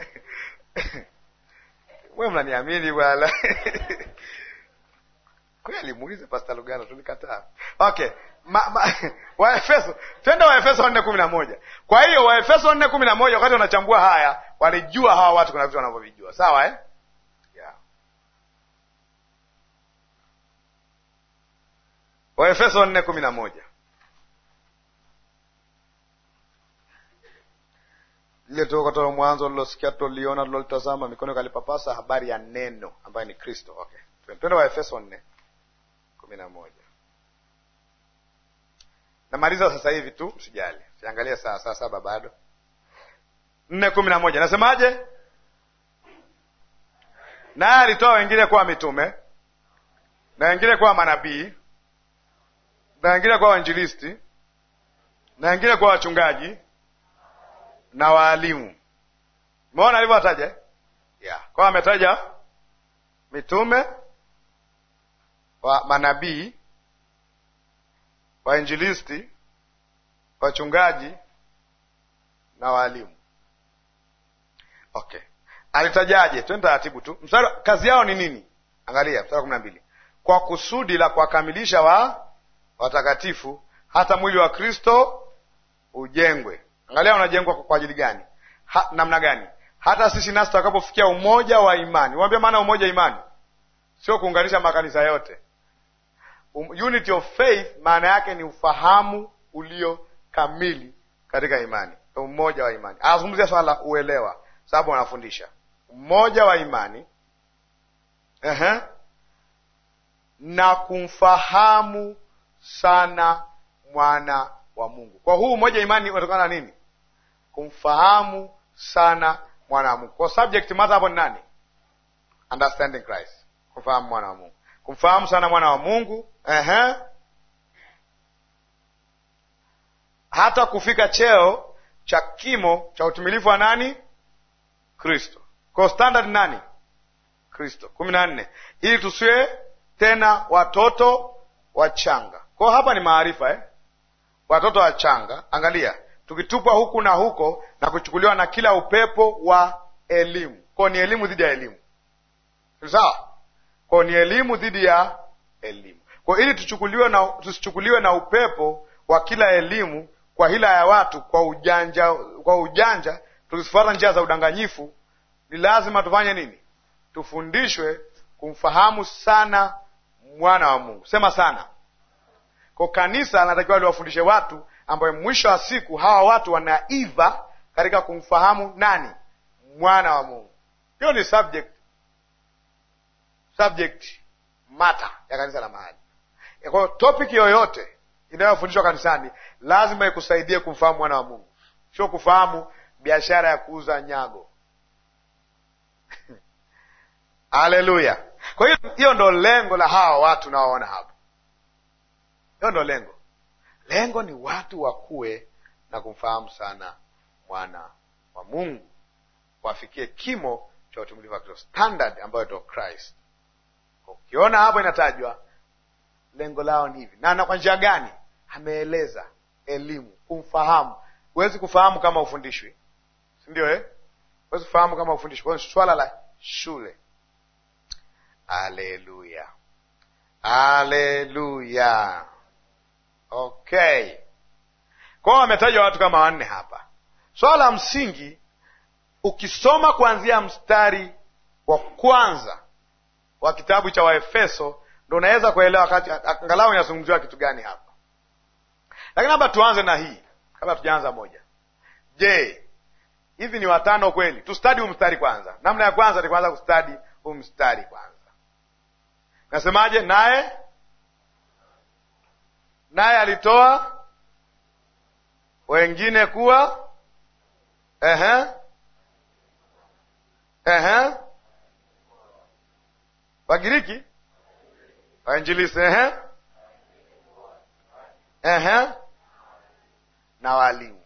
we mnaniamini bwana kweli alimuuliza Pasta Lugano tulikataa. Okay, Waefeso, twende Waefeso nne kumi na moja. Kwa hiyo Waefeso nne kumi na moja, wakati wanachambua haya walijua hawa watu kuna vitu wanavyovijua, sawa eh? Waefeso nne kumi na moja. lile toka toka mwanzo lilosikia tuliona lilolitazama mikono kalipapasa habari ya neno ambayo ni Kristo. Okay, twende Waefeso nne kumi na moja. Namaliza sasa hivi tu, sijali siangalia saa saa saba bado. nne kumi na moja nasemaje? Naye alitoa wengine kuwa mitume na wengine kuwa manabii na wengine kuwa wainjilisti na wengine kuwa wachungaji na waalimu. Umeona alivyowataja eh? Yeah. Kwa ametaja mitume wa manabii, wainjilisti, wachungaji na waalimu. Okay, alitajaje? Twende taratibu tu. Mstari, kazi yao ni nini? Angalia mstari kumi na mbili, kwa kusudi la kuwakamilisha wa watakatifu hata mwili wa Kristo ujengwe Angalia unajengwa kwa ajili gani, ha, namna gani, hata sisi nasi tutakapofikia umoja wa imani. Waambia maana umoja imani sio kuunganisha makanisa yote. Um, unity of faith maana yake ni ufahamu ulio kamili katika imani, umoja wa imani. Anazungumzia swala la uelewa, sababu wanafundisha umoja wa imani uh-huh. na kumfahamu sana mwana wa Mungu. Kwa huu moja imani unatokana na nini? Kumfahamu sana mwana wa Mungu. Kwa subject matter hapo ni nani? Understanding Christ, kumfahamu mwana wa Mungu, kumfahamu sana mwana wa Mungu. Ehe, hata kufika cheo cha kimo cha utimilifu wa nani? Kristo. Kwa standard nani? Kristo. kumi na nne, ili tusiwe tena watoto wachanga. Kwa hapa ni maarifa eh? watoto wachanga. Angalia, tukitupwa huku na huko na kuchukuliwa na kila upepo wa elimu. Kwao ni elimu dhidi ya elimu, sawa? Kwao ni elimu dhidi ya elimu. Kwao ili tuchukuliwe na, tusichukuliwe na upepo wa kila elimu kwa hila ya watu, kwa ujanja, kwa ujanja tukifuata njia za udanganyifu, ni lazima tufanye nini? Tufundishwe kumfahamu sana mwana wa Mungu. Sema sana kwa kanisa anatakiwa liwafundishe watu ambayo mwisho wa siku hawa watu wanaiva katika kumfahamu nani mwana wa Mungu. Hiyo ni subject subject ya kanisa la mahali. Kwa hiyo topic yoyote inayofundishwa kanisani lazima ikusaidie kumfahamu mwana wa Mungu, sio kufahamu biashara ya kuuza nyago. Haleluya! Kwa hiyo hiyo ndo lengo la hawa watu nawaona hapa. Hiyo ndo lengo. Lengo ni watu wakuwe na kumfahamu sana mwana wa Mungu, wafikie kimo cha utumilivu wa Kristo, standard ambayo ndo Christ. Ukiona hapo inatajwa lengo lao ni hivi, na na kwa njia gani? Ameeleza elimu, kumfahamu. Huwezi kufahamu kama ufundishwi, sindio huwezi eh? Huwezi kufahamu kama ufundishwi. kwao ni swala la shule. Aleluya, aleluya. Okay, kwao wametajwa watu kama wanne hapa. Swala la msingi, ukisoma kuanzia mstari wa kwanza wa kitabu cha Waefeso ndo unaweza kuelewa wakati angalau inazungumziwa kitu gani hapa. Lakini hapa tuanze na hii kabla tujaanza moja. Je, hivi ni watano kweli? Tustadi huu mstari kwanza. Namna ya kwanza ni kwanza kustadi huu mstari kwanza, nasemaje naye naye alitoa wengine kuwa ehe, ehe, Wagiriki, wainjilisi, ehe, ehe, na walimu.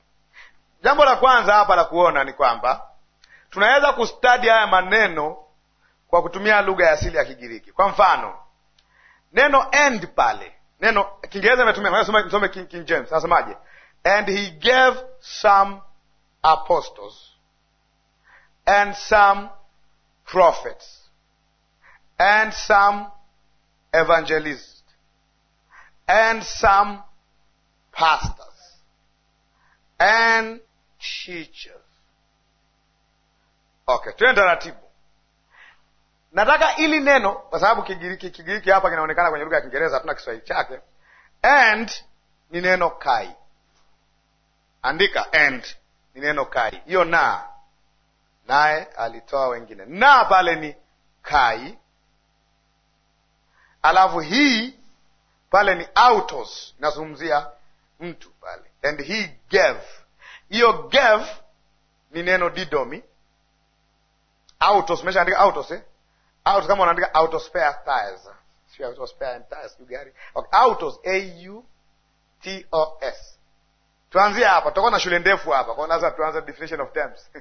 Jambo la kwanza hapa la kuona ni kwamba tunaweza kustadi haya maneno kwa kutumia lugha ya asili ya Kigiriki. Kwa mfano neno end pale neno Kiingereza imetumia King James anasemaje? And he gave some apostles and some prophets and some evangelists and some pastors and teachers. Okay, twende taratibu. nataka ili neno kwa sababu Kigiriki, Kigiriki hapa kinaonekana kwenye lugha ya Kiingereza, hatuna Kiswahili chake. And ni neno kai, andika and ni neno kai. Hiyo na naye alitoa wengine, na pale ni kai, alafu hii pale ni autos, inazungumzia mtu pale. And he gave, hiyo gave ni neno didomi. Autos, autos eh? autos kama unaandika spare tires sio spare and tires sio gari okay. autos a u t o s tuanzie hapa, tutakuwa na shule ndefu hapa, kwa nasa tuanze definition of terms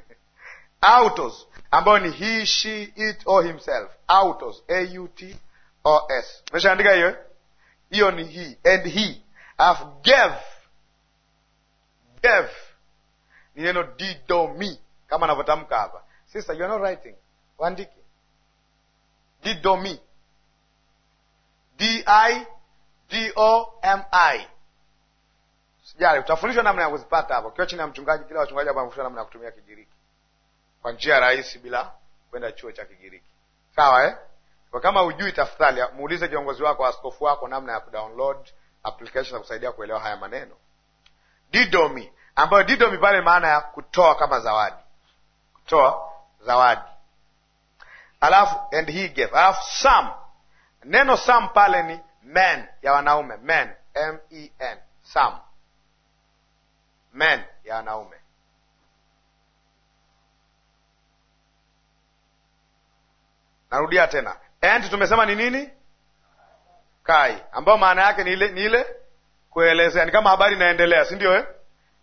autos ambayo ni he she it or himself autos a u t o s umeshaandika hiyo hiyo ni he and he alafu gave gave ni neno didomi kama anavyotamka hapa sister you are not writing waandiki Didomi. D-I-D-O-M-I. Sijali, utafundishwa namna ya kuzipata hapo. Ukiwa chini ya mchungaji, kila wachungaji hapa anafundishwa namna ya kutumia Kigiriki kwa njia rahisi, bila kwenda chuo cha Kigiriki. Sawa eh? Kwa kama hujui, tafadhali muulize kiongozi wako, askofu wako, namna ya kudownload application za kusaidia kuelewa haya maneno. Didomi, ambayo didomi pale maana ya kutoa kama zawadi, kutoa zawadi alafu and he gave, alafu sam Neno sam pale ni men ya wanaume men, M -E -N, men ya wanaume Narudia tena and tumesema ni nini? Kai, ambayo maana yake ni ile ni ile kuelezea, ni kama habari inaendelea, si eh?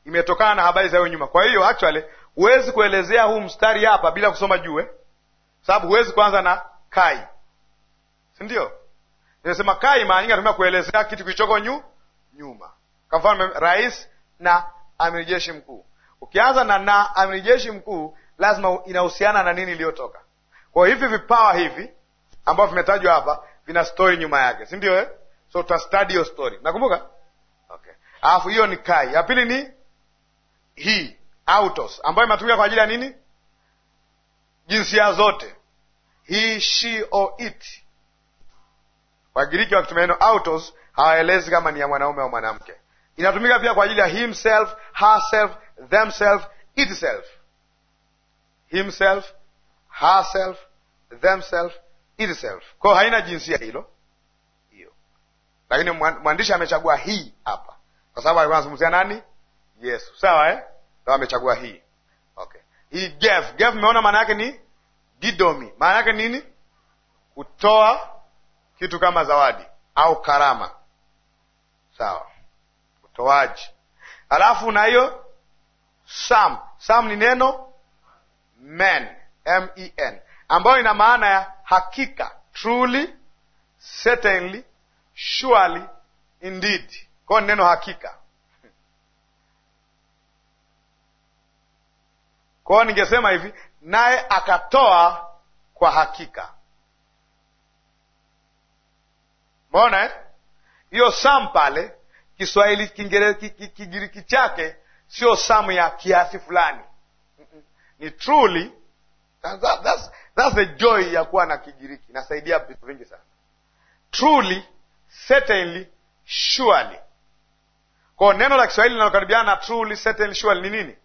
Imetokana na habari za hiyo nyuma. Kwa hiyo actually huwezi kuelezea huu mstari hapa bila kusoma juu eh? sababu huwezi kwanza na kai, sindio Nimesema kai mara nyingi anatumia kuelezea kitu kilichoko nyu nyuma. Kwa mfano, rais na amiri jeshi mkuu. Ukianza na na amiri jeshi mkuu, lazima inahusiana na nini iliyotoka. Kwa hiyo hivi vipawa hivi ambavyo vimetajwa hapa vina stori nyuma yake, si ndio eh? So tutastudy hiyo stori, nakumbuka okay. Alafu hiyo ni kai. Ya pili ni hii autos, ambayo imetumika kwa ajili ya nini? Jinsia zote he she or it. Wagiriki wakitumia neno autos hawaelezi kama ni ya mwanaume au mwanamke. Inatumika pia kwa ajili ya himself, herself, themself, itself. Himself, herself, themself, itself. Kwa haina jinsia hilo hiyo, lakini mwandishi amechagua hii hapa kwa sababu alikuwa anazungumzia nani? Yesu, sawa eh? Ndio amechagua hii. Okay, hii gave gave, meona maana yake ni didomi, maana yake nini? Kutoa kitu kama zawadi au karama, sawa, utoaji. Alafu na hiyo sam, sam ni neno men, M -E -N, ambayo ina maana ya hakika, truly, certainly, surely, indeed. kwao ni neno hakika. kwao ningesema hivi naye akatoa kwa hakika. Mbona eh? hiyo eh? Samu pale Kiswahili Kigiriki chake sio samu ya kiasi fulani, ni truly that's, that's, that's the joy ya kuwa na Kigiriki. Nasaidia vitu vingi sana, truly, certainly, surely. Kwa neno la Kiswahili linalokaribiana na truly, certainly, surely ni nini?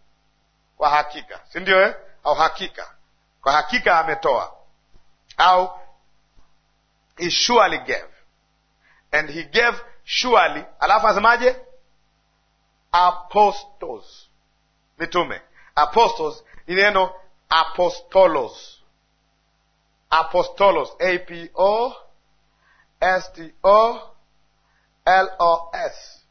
Kwa hakika, si ndio eh? au hakika, kwa hakika ametoa, au he surely gave and he gave surely, alafu anasemaje? Apostles, mitume. Apostles ni neno apostolos, apostolos, a p o s t o l o s.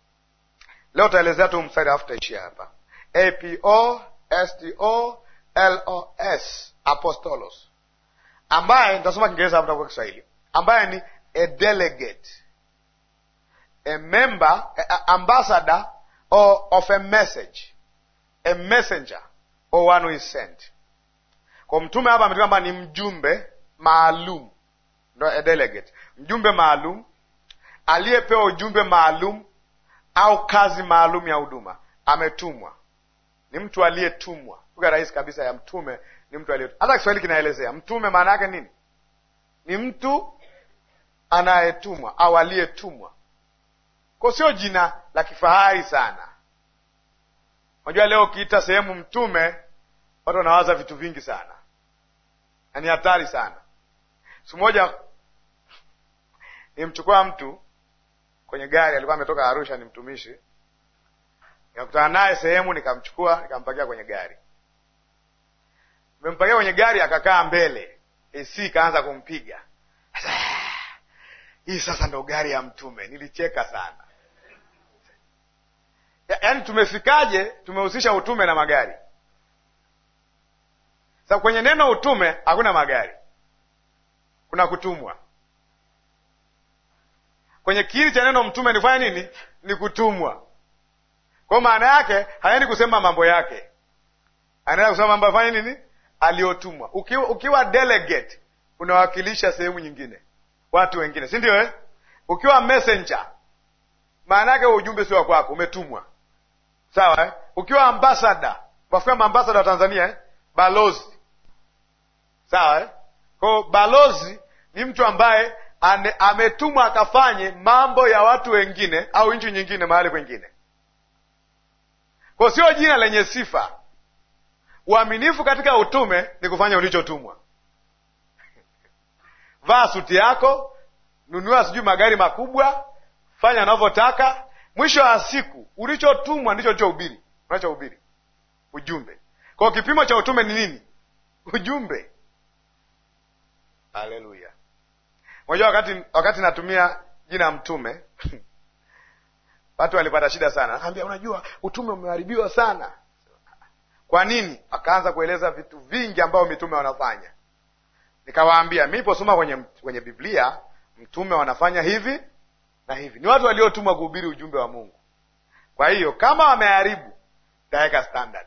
Leo taelezea tu mstari afu taishia hapa. a p o s t o los apostolos, ambaye nitasoma Kiingereza hapo kwa Kiswahili, ambaye ni a delegate a member a ambassador or of a message a messenger or one who is sent. Kwa mtume hapa ametuka kwamba ni mjumbe maalum, ndo a delegate, mjumbe maalum aliyepewa ujumbe maalum au kazi maalum ya huduma. Ametumwa, ni mtu aliyetumwa lugha rahisi kabisa ya mtume ni mtu aliye hata Kiswahili kinaelezea mtume maana yake nini? Ni mtu anayetumwa au aliyetumwa, kwa sio jina la kifahari sana. Unajua leo ukiita sehemu mtume, watu wanawaza vitu vingi sana na ni hatari sana. Siku moja nimchukua mtu kwenye gari, alikuwa ametoka Arusha, ni mtumishi, nikakutana naye sehemu, nikamchukua nikampakia kwenye gari mempakia kwenye gari akakaa mbele, AC ikaanza kumpiga. Hii sasa ndo gari ya Mtume. Nilicheka sana, yaani tumefikaje? Tumehusisha utume na magari. sa kwenye neno utume hakuna magari, kuna kutumwa. Kwenye kiini cha neno mtume nifanya nini? Ni kutumwa. Kwa maana yake haendi kusema mambo yake, anaenda kusema mambo afanye nini aliotumwa. Ukiwa, ukiwa delegate unawakilisha sehemu nyingine, watu wengine, si ndio eh? Ukiwa messenger maana yake ujumbe sio kwako, umetumwa. Sawa eh? Ukiwa ambassador, wafika maambasada wa Tanzania eh? Balozi, sawa eh? Kwa balozi ni mtu ambaye ane, ametumwa akafanye mambo ya watu wengine au nchi nyingine mahali kwengine kwa sio jina lenye sifa Uaminifu katika utume ni kufanya ulichotumwa. Vaa suti yako, nunua sijui magari makubwa, fanya unavyotaka. Mwisho wa siku, ulichotumwa ndicho ulichohubiri, unachohubiri ujumbe. Kwa kipimo cha utume ni nini? Ujumbe. Haleluya! Unajua, wakati wakati natumia jina mtume watu walipata shida sana, naambia, unajua utume umeharibiwa sana. Kwa nini? Akaanza kueleza vitu vingi ambavyo mitume wanafanya. Nikawaambia mliposoma kwenye, kwenye Biblia mtume wanafanya hivi na hivi. Ni watu waliotumwa kuhubiri ujumbe wa Mungu. Kwa hiyo kama wameharibu, taweka standard.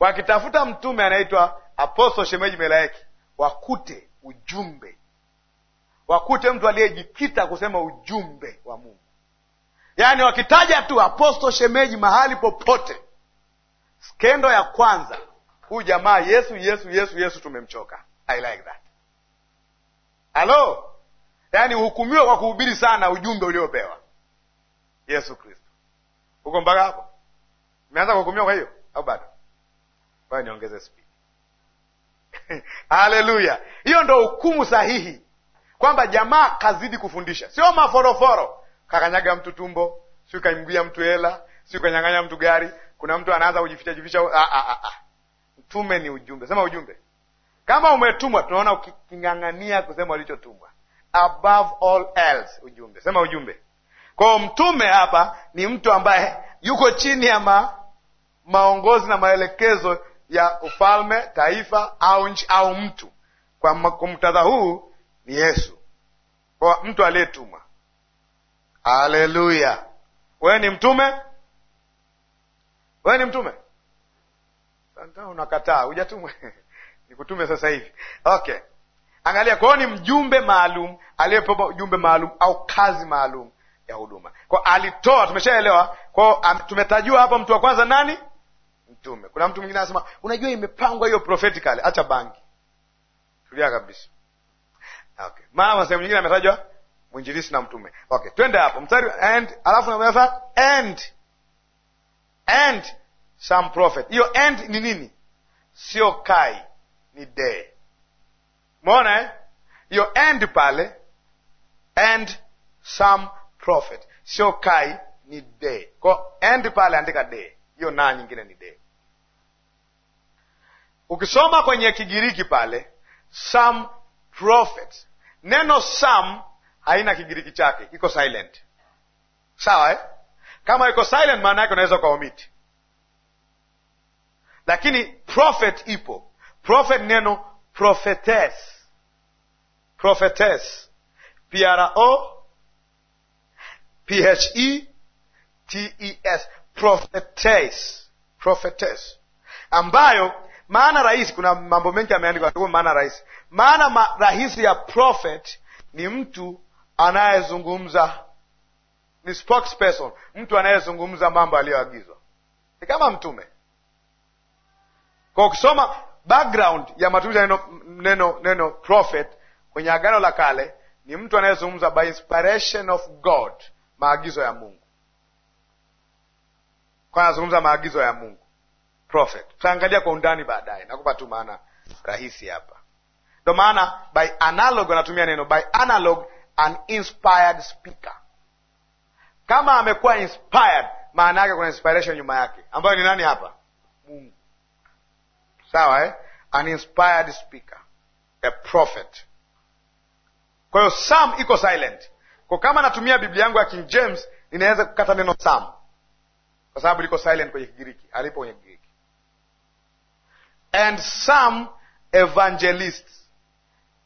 Wakitafuta mtume anaitwa apostle, shemeji, melaeki, wakute ujumbe, wakute mtu aliyejikita kusema ujumbe wa Mungu. Yaani wakitaja tu apostol shemeji, mahali popote skendo ya kwanza, huyu jamaa Yesu Yesu Yesu Yesu, tumemchoka. I like that. Halo, yaani hukumiwa kwa kuhubiri sana ujumbe uliopewa Yesu Kristo. Huko mpaka hapo umeanza kuhukumiwa, kwa hiyo au bado? Baya, niongeze spidi Haleluya! Hiyo ndo hukumu sahihi, kwamba jamaa kazidi kufundisha, sio maforoforo. Kakanyaga mtu tumbo, sio ukamguia mtu hela, sio ukanyang'anya mtu gari, kuna mtu anaanza kujificha jificha. Mtume ni ujumbe, sema ujumbe. Kama umetumwa, tunaona uking'ang'ania kusema ulichotumwa, above all else, ujumbe, sema ujumbe. kwao mtume hapa ni mtu ambaye yuko chini ya ma, maongozi na maelekezo ya ufalme, taifa au nchi au mtu. Kwa mtadha huu ni Yesu, kwa mtu aliyetumwa. Haleluya! wewe ni mtume wewe ni mtume? Unakataa, hujatumwa nikutume sasa hivi. Okay, angalia. kwao ni mjumbe maalum aliyepewa ujumbe maalum au kazi maalum ya huduma, kwa alitoa. Tumeshaelewa kwao, tumetajua hapa mtu wa kwanza nani? Mtume. Kuna mtu mwingine anasema, unajua imepangwa hiyo prophetically. Acha bangi, tulia kabisa. Okay, mama sehemu nyingine ametajwa mwinjilisi na mtume. Okay, twende hapo mstari and alafu na and and some prophet. Hiyo and ni nini? Sio kai, ni day. Umeona eh? Hiyo and pale and some prophet, sio kai, ni de. Kwa and pale andika de, hiyo na nyingine ni de. Ukisoma kwenye Kigiriki pale some prophet, neno some haina Kigiriki chake, iko silent, sawa eh? Kama iko silent, maana yake unaweza ukaomiti, lakini prophet ipo. Prophet neno prophetess, prophetess p r o p h e t e s prophetess, prophetess ambayo maana rahisi, kuna mambo mengi yameandikwa, maana rahisi. Maana ma rahisi ya prophet ni mtu anayezungumza ni spokesperson, mtu anayezungumza mambo aliyoagizwa, ni kama mtume. Kwa kusoma background ya matumizi ya neno, neno, neno prophet kwenye Agano la Kale ni mtu anayezungumza by inspiration of God, maagizo ya Mungu. Kwa anazungumza maagizo ya Mungu, prophet. Tutaangalia kwa undani baadaye, nakupa tu maana rahisi hapa. Ndo maana by analog anatumia neno by analog, an inspired speaker kama amekuwa inspired, maana yake kuna inspiration nyuma yake, ambayo ni nani hapa? Mungu. Sawa eh? An inspired speaker, a prophet. Kwa hiyo Sam iko silent. Kwa kama natumia Biblia yangu ya King James, ninaweza kukata neno Sam kwa sababu liko silent kwenye Kigiriki, alipo kwenye Kigiriki. And some evangelists,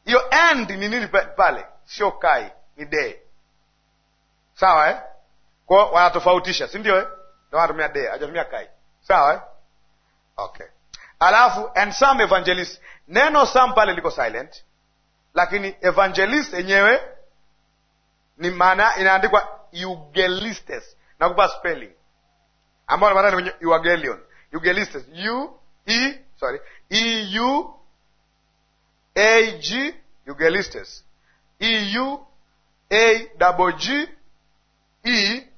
hiyo and ni nini pale? Sio kai, ni de. Sawa eh? kwa wanatofautisha si ndio eh? Ndio wanatumia de, ajatumia kai, sawa eh? Okay, alafu and some evangelist, neno some pale liko silent, lakini evangelist yenyewe ni maana inaandikwa eugelistes, nakupa spelling ambayo maana ni euagelion, eugelistes u e sorry e u a g eugelistes e u a double g e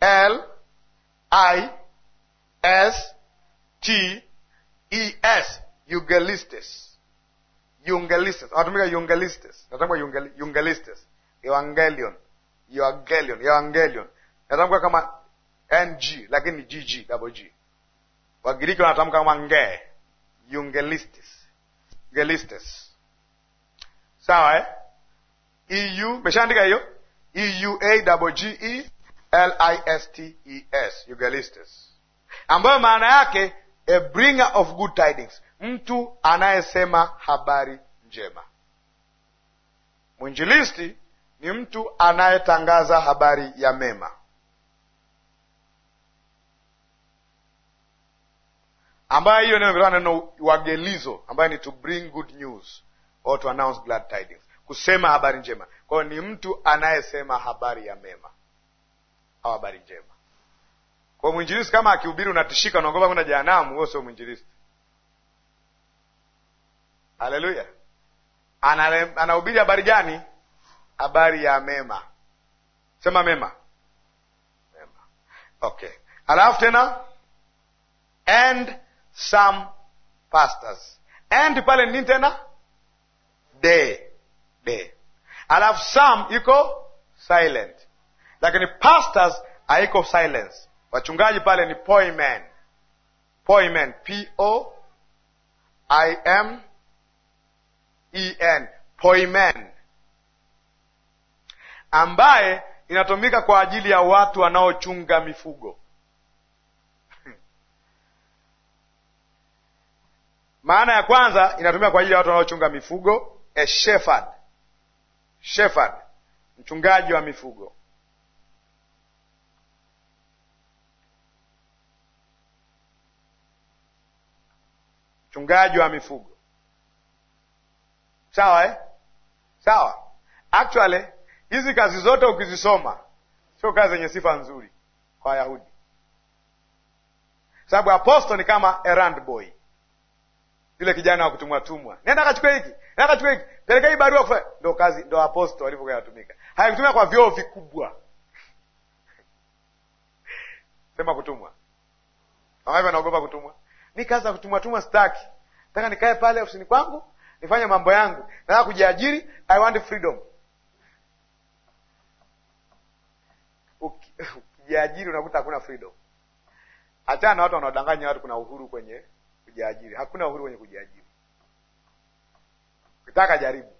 L I S T E S Eugelistes. Eugelistes. Anatumika Eugelistes. Natamka Eugelistes. Evangelion. Evangelion. Evangelion. Natamka kama NG lakini GG double G. Wagiriki wanatamka kama nge. Eugelistes. Eugelistes. Sawa eh? EU, meshaandika hiyo? E U A double G E listes i e ambayo maana yake a bringer of good tidings, mtu anayesema habari njema. Mwinjilisti ni mtu anayetangaza habari ya mema, ambayo hiyo neno neno wagelizo, ambayo ni to bring good news or to announce glad tidings, kusema habari njema. kwayo ni mtu anayesema habari ya mema au habari njema. Kwa mwinjilisi kama akihubiri unatishika, unaogopa kwenda jehanamu, wewe sio mwinjilisi. Haleluya! anahubiri habari gani? Habari ya mema. Sema mema, mema. Okay, alafu tena and some pastors and pale nini tena de de, alafu some iko silent lakini pastors aiko silence. Wachungaji pale ni poimen, poimen, p o i m e n, poimen, ambaye inatumika kwa ajili ya watu wanaochunga mifugo Maana ya kwanza inatumika kwa ajili ya watu wanaochunga mifugo, a shepherd, shepherd, mchungaji wa mifugo. mchungaji wa mifugo. Sawa eh? Sawa. Actually hizi kazi zote ukizisoma sio kazi zenye sifa nzuri kwa Wayahudi, sababu aposto ni kama errand boy, yule kijana wa kutumwa tumwa, nenda kachukua hiki, nenda kachukua hiki, peleka hii barua kufa. Ndo kazi ndo aposto walivyokuwa watumika. Hayakutumia kwa vyoo vikubwa, sema kutumwa, amaivyo anaogopa kutumwa mi kazi za kutumwatuma staki, nataka nikae pale ofisini kwangu nifanye mambo yangu, nataka kujiajiri, I want freedom. Ukijiajiri unakuta hakuna freedom. hachana watu wanaodanganya watu kuna uhuru kwenye kujiajiri. Hakuna uhuru kwenye kujiajiri. Ukitaka jaribu.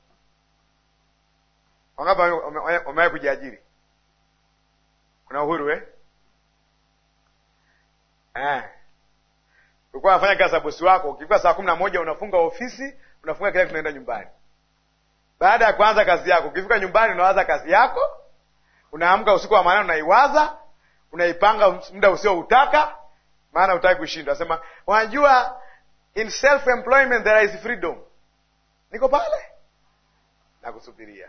Wangapi wamewahi kujiajiri? Kuna uhuru eh? Eh ulikuwa unafanya kazi za bosi wako, ukifika saa kumi na moja unafunga ofisi, unafunga kila kitu, unaenda nyumbani. Baada ya kuanza kazi yako, ukifika nyumbani unawaza kazi yako, unaamka usiku wa manane, unaiwaza, unaipanga muda usioutaka, maana utaki kushinda. Nasema wanajua, in self employment there is freedom. Niko pale nakusubiria.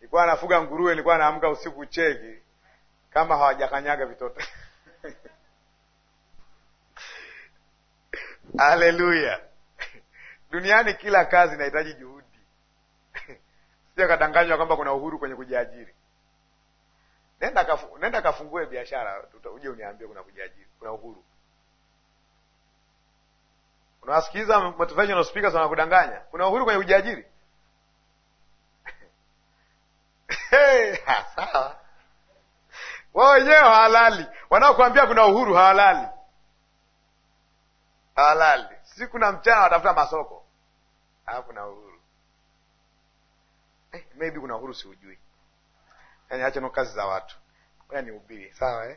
Nilikuwa nafuga nguruwe, nilikuwa naamka usiku cheki kama hawajakanyaga vitoto Haleluya! Duniani kila kazi inahitaji juhudi. Sio kadanganywa kwamba kuna uhuru kwenye kujiajiri. Nenda kafu, nenda kafungue biashara uje uniambie kuna kujiajiri, kuna uhuru. Unawasikiliza motivational speakers wanakudanganya kuna uhuru kwenye kujiajiri. sawa, wao wenyewe hawalali, wanaokuambia kuna uhuru hawalali halali siku na mchana watafuta masoko, alafu na uhuru eh, maybe kuna uhuru siujui. yaani acha no kazi za watu oya ni ubiri sawa hiyo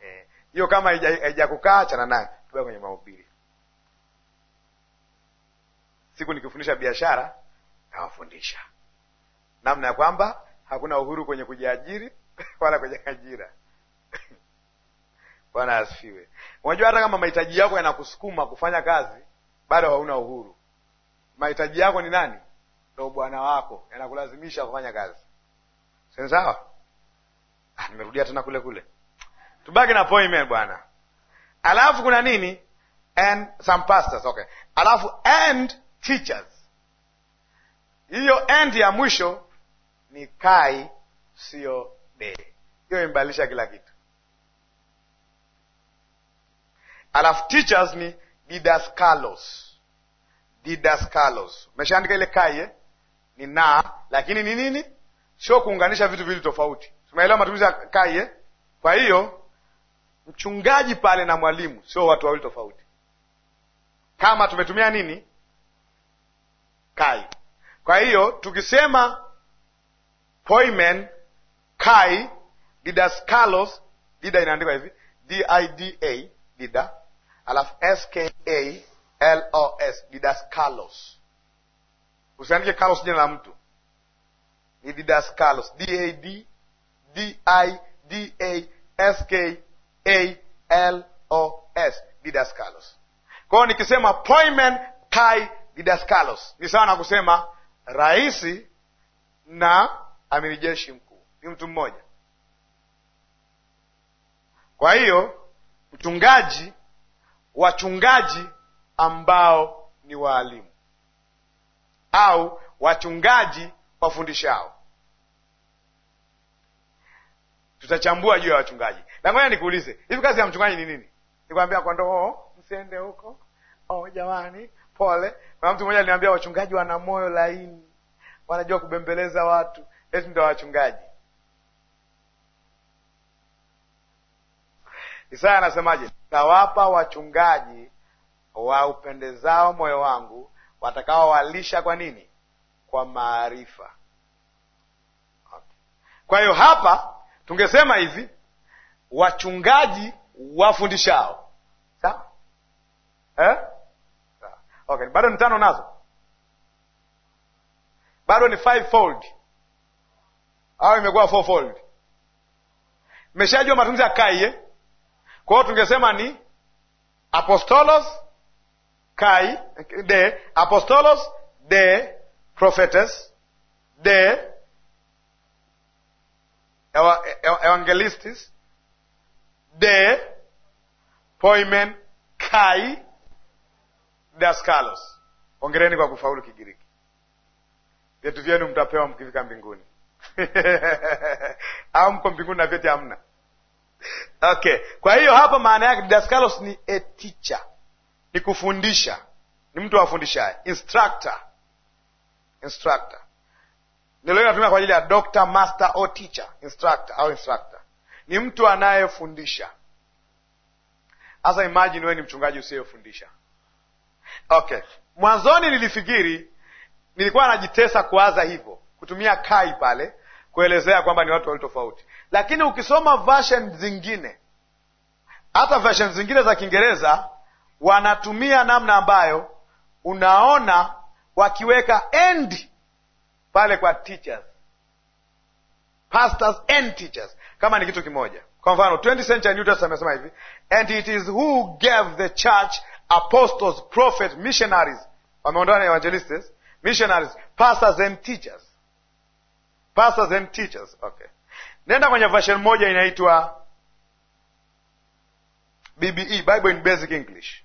eh? eh? hiyo kama haijakukaa achana nayo, tuba kwenye mahubiri. Siku nikifundisha biashara nawafundisha namna ya kwamba hakuna uhuru kwenye kujiajiri wala kwenye ajira Bwana asifiwe. Unajua, hata kama mahitaji yako yanakusukuma kufanya kazi, bado hauna uhuru. Mahitaji yako ni nani? Ndo bwana wako, yanakulazimisha kufanya kazi. Si sawa? Ah, nimerudia tena kule kule, tubaki na poime bwana. Alafu kuna nini? And some pastors, okay. Alafu and teachers. Hiyo and ya mwisho ni kai, sio de. Hiyo imebadilisha kila kitu. alafu teachers ni didascalos. Didascalos umeshaandika ile kaye eh? ni na lakini ni nini? Sio kuunganisha vitu vili tofauti. Tumeelewa matumizi ya kai eh? Kwa hiyo mchungaji pale na mwalimu sio watu wawili tofauti, kama tumetumia nini kai. Kwa hiyo tukisema poimen kai didascalos, dida inaandikwa hivi dida, dida alafu skals didascalos, usiandike carlos jina la mtu, ni didascalos dad didaskalos didascalos. Kwa nikisema appointment kai didascalos ni sawa na kusema raisi na amiri jeshi mkuu ni mtu mmoja. Kwa hiyo mchungaji wachungaji ambao ni waalimu au wachungaji wafundishao. Tutachambua juu ya wachungaji, na nikuulize, hivi kazi ya mchungaji ni nini? Nikwambia kondoo oh, msiende huko. Oh, jamani pole. Kuna mtu mmoja aliniambia wachungaji wana moyo laini, wanajua kubembeleza watu, eti ndo wachungaji Isaya anasemaje? Tawapa wachungaji wa upendezao moyo wangu, watakaowalisha kwa nini? Kwa maarifa. Okay. Kwa hiyo hapa tungesema hivi, wachungaji wafundishao, sawa eh? Okay. Bado ni tano nazo, bado ni fivefold au imekuwa fourfold? Meshajua matumizi ya kai eh? Kwa hiyo tungesema ni apostolos kai de apostolos de prophetes de evangelistis de poimen kai daskalos. Ongereni kwa kufaulu Kigiriki. Vyetu vyenu mtapewa mkivika mbinguni au mko mbinguni na vyeti hamna. Okay, kwa hiyo hapa maana yake didaskalos ni a teacher, ni kufundisha, ni mtu afundishaye, instructor. Instructor ni leo natumia kwa ajili ya doctor, master au teacher. Instructor au instructor ni mtu anayefundisha. Sasa imagine wewe ni mchungaji usiyefundisha. Okay, mwanzoni nilifikiri, nilikuwa najitesa kuwaza hivyo, kutumia kai pale kuelezea kwamba ni watu wali tofauti, lakini ukisoma version zingine, hata version zingine za Kiingereza wanatumia namna ambayo unaona wakiweka and pale kwa teachers, pastors and teachers, kama ni kitu kimoja. Kwa mfano 20th century New Testament amesema hivi, and it is who gave the church apostles, prophets, missionaries, wameondoa na evangelists, missionaries, pastors and teachers, pastors and teachers. Okay, Nenda kwenye version moja inaitwa BBE, Bible in Basic English.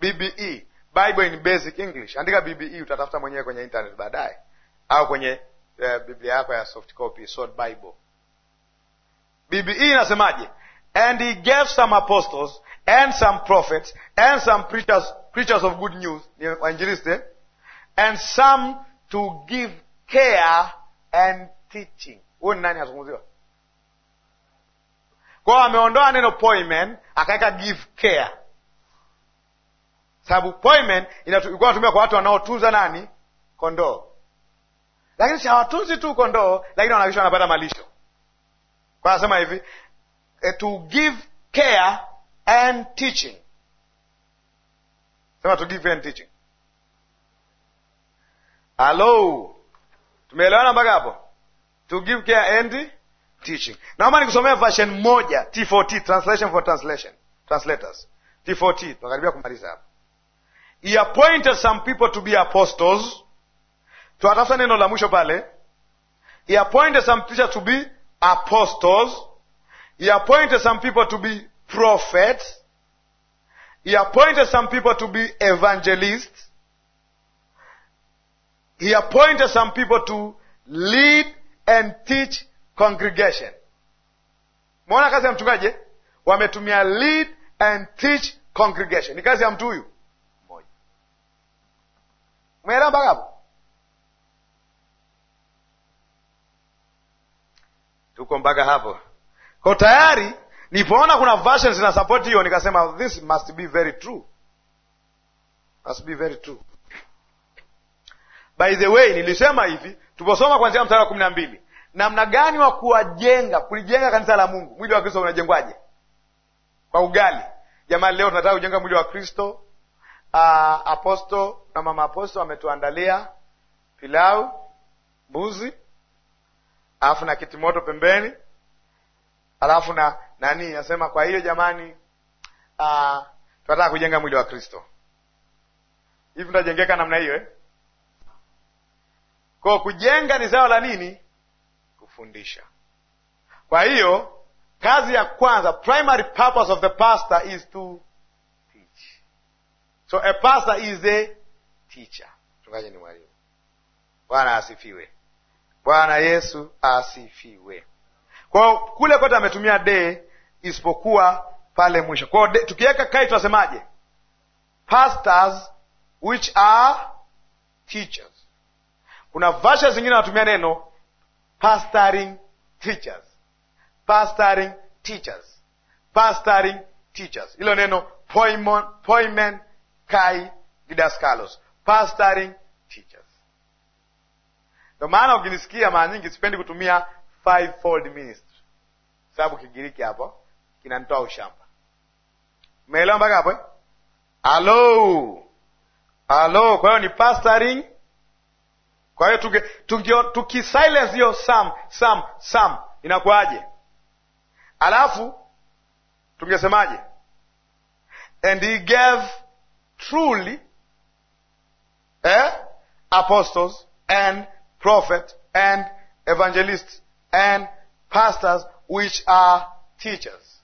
BBE, Bible in Basic English. Andika BBE utatafuta mwenyewe kwenye internet baadaye, au kwenye uh, Biblia yako ya soft copy, soft Bible. BBE inasemaje? And he gave some apostles and some prophets and some preachers, preachers of good news, wainjilisti and some to give care and teaching huyu ni nani anazungumziwa? Kwao ameondoa neno poimen akaweka give care, sababu poimen ilikuwa inatumia kwa watu wanaotunza nani, kondoo, lakini si hawatunzi tu kondoo, lakini wanaisha wanapata malisho. Kwa anasema hivi eh, to give care and teaching. Sema to give and teaching. Halo, tumeelewana mpaka hapo? to give care and teaching. Naomba nikusomea version moja, T4T, translation for translation, translators. T4T, tunakaribia kumaliza hapa. He appointed some people to be apostles. Tuatafuta neno la mwisho pale. He appointed some teachers to be apostles. He appointed some people to be prophets. He appointed some people to be evangelists. He appointed some people to lead and teach congregation. Mwona kazi ya mchungaji, eh? wametumia lead and teach congregation. Ni kazi ya mtu huyu mmoja. Umeelewa mpaka hapo? Tuko mpaka hapo kwa tayari. Nilipoona kuna versions zina support hiyo, nikasema this must be very true, must be very true. By the way, nilisema hivi Tuposoma kwanzia mstari wa kumi na mbili namna gani wa kuwajenga kulijenga kanisa la Mungu. Mwili wa Kristo unajengwaje? Kwa ugali. Jamani, leo tunataka kujenga mwili wa Kristo. Uh, ah, aposto na mama aposto ametuandalia pilau, mbuzi, alafu na kitimoto pembeni, alafu na nani, nasema kwa hiyo jamani, uh, tunataka kujenga mwili wa Kristo. Hivi tutajengeka namna hiyo eh? kwao. kujenga ni zao la nini? Kufundisha. Kwa hiyo kazi ya kwanza, primary purpose of the pastor is to teach. So a pastor is a teacher. Mchungaji ni mwalimu. Bwana asifiwe. Bwana Yesu asifiwe. Kwao kule kote ametumia de isipokuwa pale mwisho. Kwao tukiweka kai tunasemaje? Pastors which are teachers. Kuna vasha zingine anatumia neno pastoring teachers, pastoring teachers, pastoring teachers. Hilo neno poimon, poimen kai didaskalos, pastoring teachers. ndo maana ukinisikia mara nyingi sipendi kutumia fivefold ministry, sababu Kigiriki hapo kinanitoa ushamba. Umeelewa mpaka hapo? Alo, eh? alo. Kwa hiyo ni pastoring kwa hiyo tuki, tuki, tuki silence hiyo sam sam sam inakuwaje? Alafu tungesemaje? And he gave truly eh, apostles and prophets and evangelists and pastors which are teachers.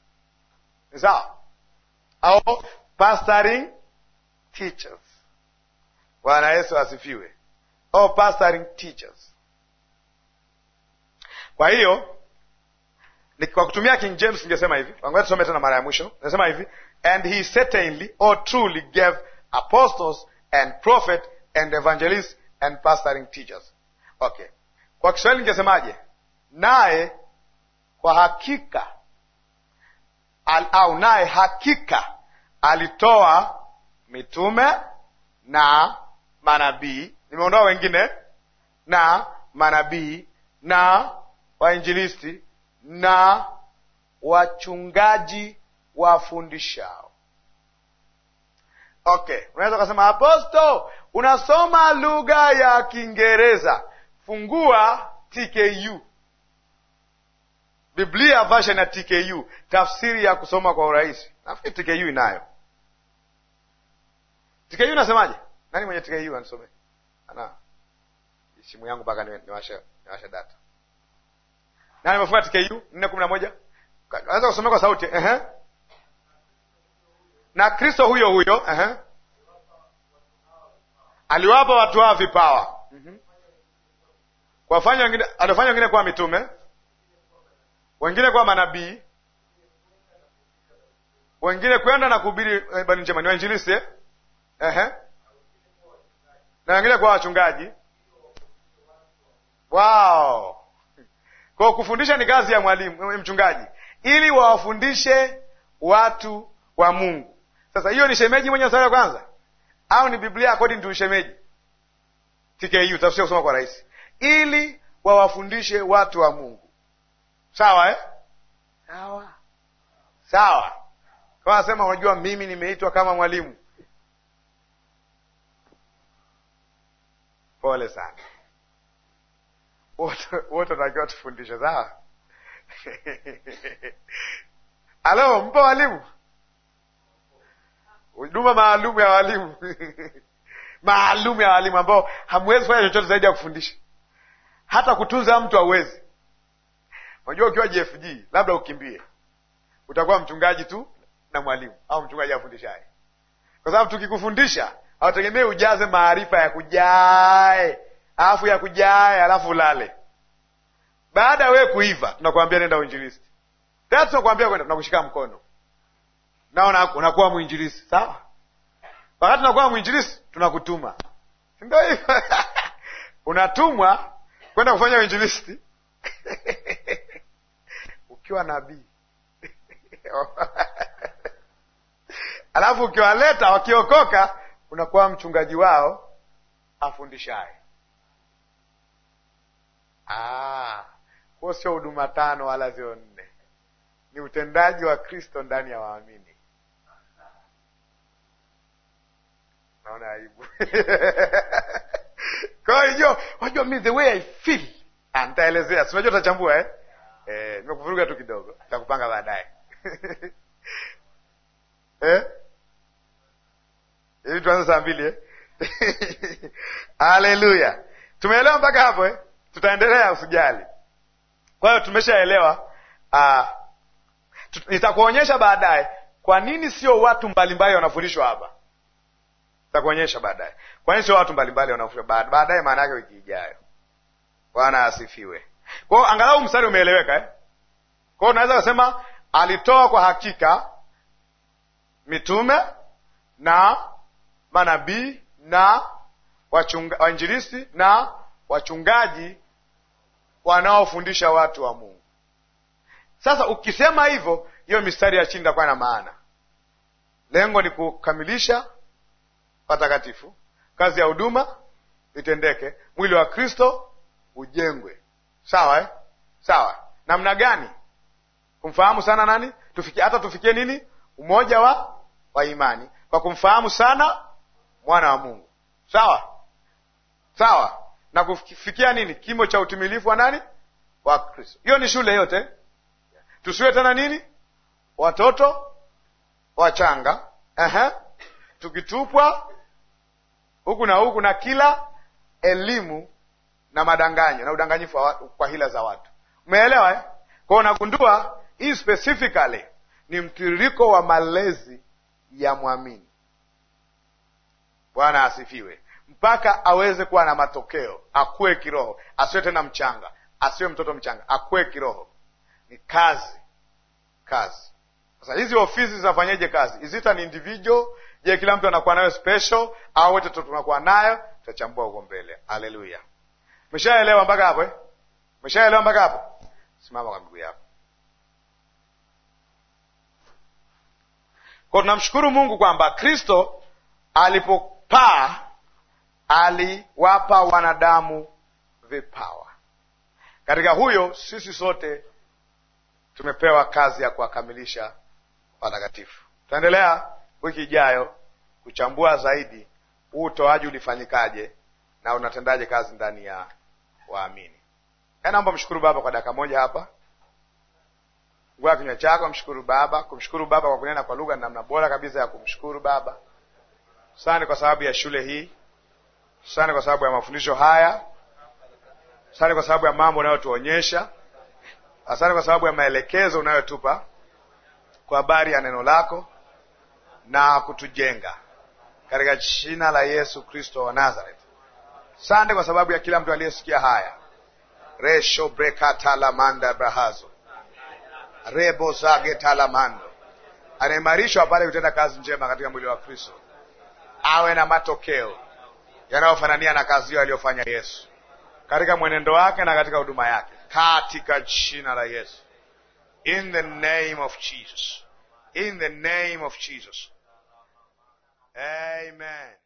sawa au pastoring teachers. Bwana Yesu asifiwe or oh, pastoring teachers. Kwa hiyo kwa kutumia King James ningesema hivi, ngoja tusome tena mara ya mwisho. Nasema hivi, and he certainly or oh, truly gave apostles and prophet and evangelists and pastoring teachers. Okay, kwa Kiswahili ningesemaje? Naye kwa hakika al, au naye hakika alitoa mitume na manabii nimeondoa wengine na manabii na wainjilisti na wachungaji wafundishao. Okay, unaweza ukasema aposto, unasoma lugha ya Kiingereza, fungua TKU Biblia version ya TKU, tafsiri ya kusoma kwa urahisi. Nafikiri TKU inayo. TKU inasemaje? Nani mwenye TKU anisomee? ana simu yangu mpaka ni niwasha data. na amefunga TKU nne kumi na moja? Naweza kusomea kwa sauti ehe. Na Kristo huyo huyo ehe, aliwapa watu hao vipawa mhm. kuwafanya wengine, aliwafanya wengine kuwa mitume, wengine kuwa manabii, wengine kwenda na kuhubiri habari eh, njema, ni wainjilisti ehe na kwa wachungaji wao. Kwa kufundisha ni kazi ya mwalimu eh, mchungaji, ili wawafundishe watu wa Mungu. Sasa hiyo ni shemeji mwenye sara ya kwanza au ni Biblia according to shemeji TKU, tafsiri kusoma kwa rahisi, ili wawafundishe watu wa Mungu. Sawa eh? Sawa sawa. kama anasema unajua, mimi nimeitwa kama mwalimu pole sana, wote unatakiwa tufundishe, sawa? Alo, mpo walimu, huduma maalum ya walimu maalumu ya walimu ambao hamwezi fanya chochote zaidi ya kufundisha. Hata kutunza mtu hauwezi. Unajua, ukiwa JFG labda ukimbie, utakuwa mchungaji tu na mwalimu, au mchungaji afundishaye, kwa sababu tukikufundisha hautegemei ujaze maarifa ya kujae alafu ya kujae alafu ulale. Baada ya wewe kuiva, tunakwambia nenda uinjilisti. Tatu tunakwambia kwenda, tunakushika mkono na unakuwa mwinjilisti, sawa? Wakati unakuwa mwinjilisti, tunakutuma, ndo ndio unatumwa kwenda kufanya uinjilisti ukiwa nabii alafu ukiwaleta wakiokoka unakuwa mchungaji wao afundishaye. Ah, huo sio huduma tano wala zio nne, ni utendaji wa Kristo ndani ya waamini. Naona aibu kwa hiyo wajua, mi the way I feel ah, nitaelezea, si unajua tutachambua eh? Eh, nimekuvuruga tu kidogo, nitakupanga baadaye eh? ili tuanze saa mbili eh? Haleluya, tumeelewa mpaka hapo eh? Tutaendelea, usijali. Kwa hiyo tumeshaelewa. Uh, nitakuonyesha baadaye kwa nini sio watu mbalimbali wanafundishwa hapa. Nitakuonyesha baadaye kwa nini sio watu mbalimbali wanafundishwa baadaye, maana yake wiki ijayo. Bwana asifiwe. Kwa hiyo angalau mstari umeeleweka eh? Kwa hiyo unaweza kusema alitoa kwa hakika mitume na manabii na wainjilisti na wachungaji wanaofundisha watu wa Mungu. Sasa ukisema hivyo, hiyo mistari ya chini itakuwa na maana. Lengo ni kukamilisha patakatifu, kazi ya huduma itendeke, mwili wa Kristo ujengwe. Sawa eh? Sawa. Namna gani? Kumfahamu sana nani? Tufikie, hata tufikie nini? Umoja wa wa imani kwa kumfahamu sana mwana wa Mungu. Sawa sawa, na kufikia nini? Kimo cha utimilifu wa nani? Wa Kristo. Hiyo ni shule yote. Tusiwe tena nini, watoto wachanga, tukitupwa huku na huku na kila elimu na madanganyo na udanganyifu kwa hila za watu. Umeelewa eh? Kwao unagundua hii specifically ni mtiririko wa malezi ya mwamini. Bwana asifiwe, mpaka aweze kuwa na matokeo, akuwe kiroho, asiwe tena mchanga, asiwe mtoto mchanga, akuwe kiroho. Ni kazi, kazi. Sasa hizi ofisi zinafanyaje kazi? Izita ni individual. Je, kila mtu anakuwa nayo special au wote tu tunakuwa nayo? Tutachambua huko mbele. Haleluya, meshaelewa mpaka hapo eh? Meshaelewa mpaka hapo? Simama kwa miguu yako. Kwa tunamshukuru Mungu kwamba Kristo alipo Paa aliwapa wanadamu vipawa. Katika huyo sisi sote tumepewa kazi ya kuwakamilisha watakatifu. Tutaendelea wiki ijayo kuchambua zaidi huu utoaji ulifanyikaje na unatendaje kazi ndani ya waamini. Naomba mshukuru Baba kwa dakika moja hapa. ngua kinywa chako, mshukuru Baba. Kumshukuru Baba kwa kunena kwa lugha na namna bora kabisa ya kumshukuru Baba. Asante kwa sababu ya shule hii, asante kwa sababu ya mafundisho haya, asante kwa sababu ya mambo unayotuonyesha, asante kwa sababu ya maelekezo unayotupa kwa habari ya neno lako na kutujenga katika jina la Yesu Kristo wa Nazareth. sante kwa sababu ya kila mtu aliyesikia haya resho brekatalamanda brahazo rebo zage talamando anaimarishwa pale kutenda kazi njema katika mwili wa Kristo awe na matokeo yanayofanania na kazi hiyo aliyofanya Yesu katika mwenendo wake na katika huduma yake, katika jina la Yesu. In the name of Jesus, in the name of Jesus, amen.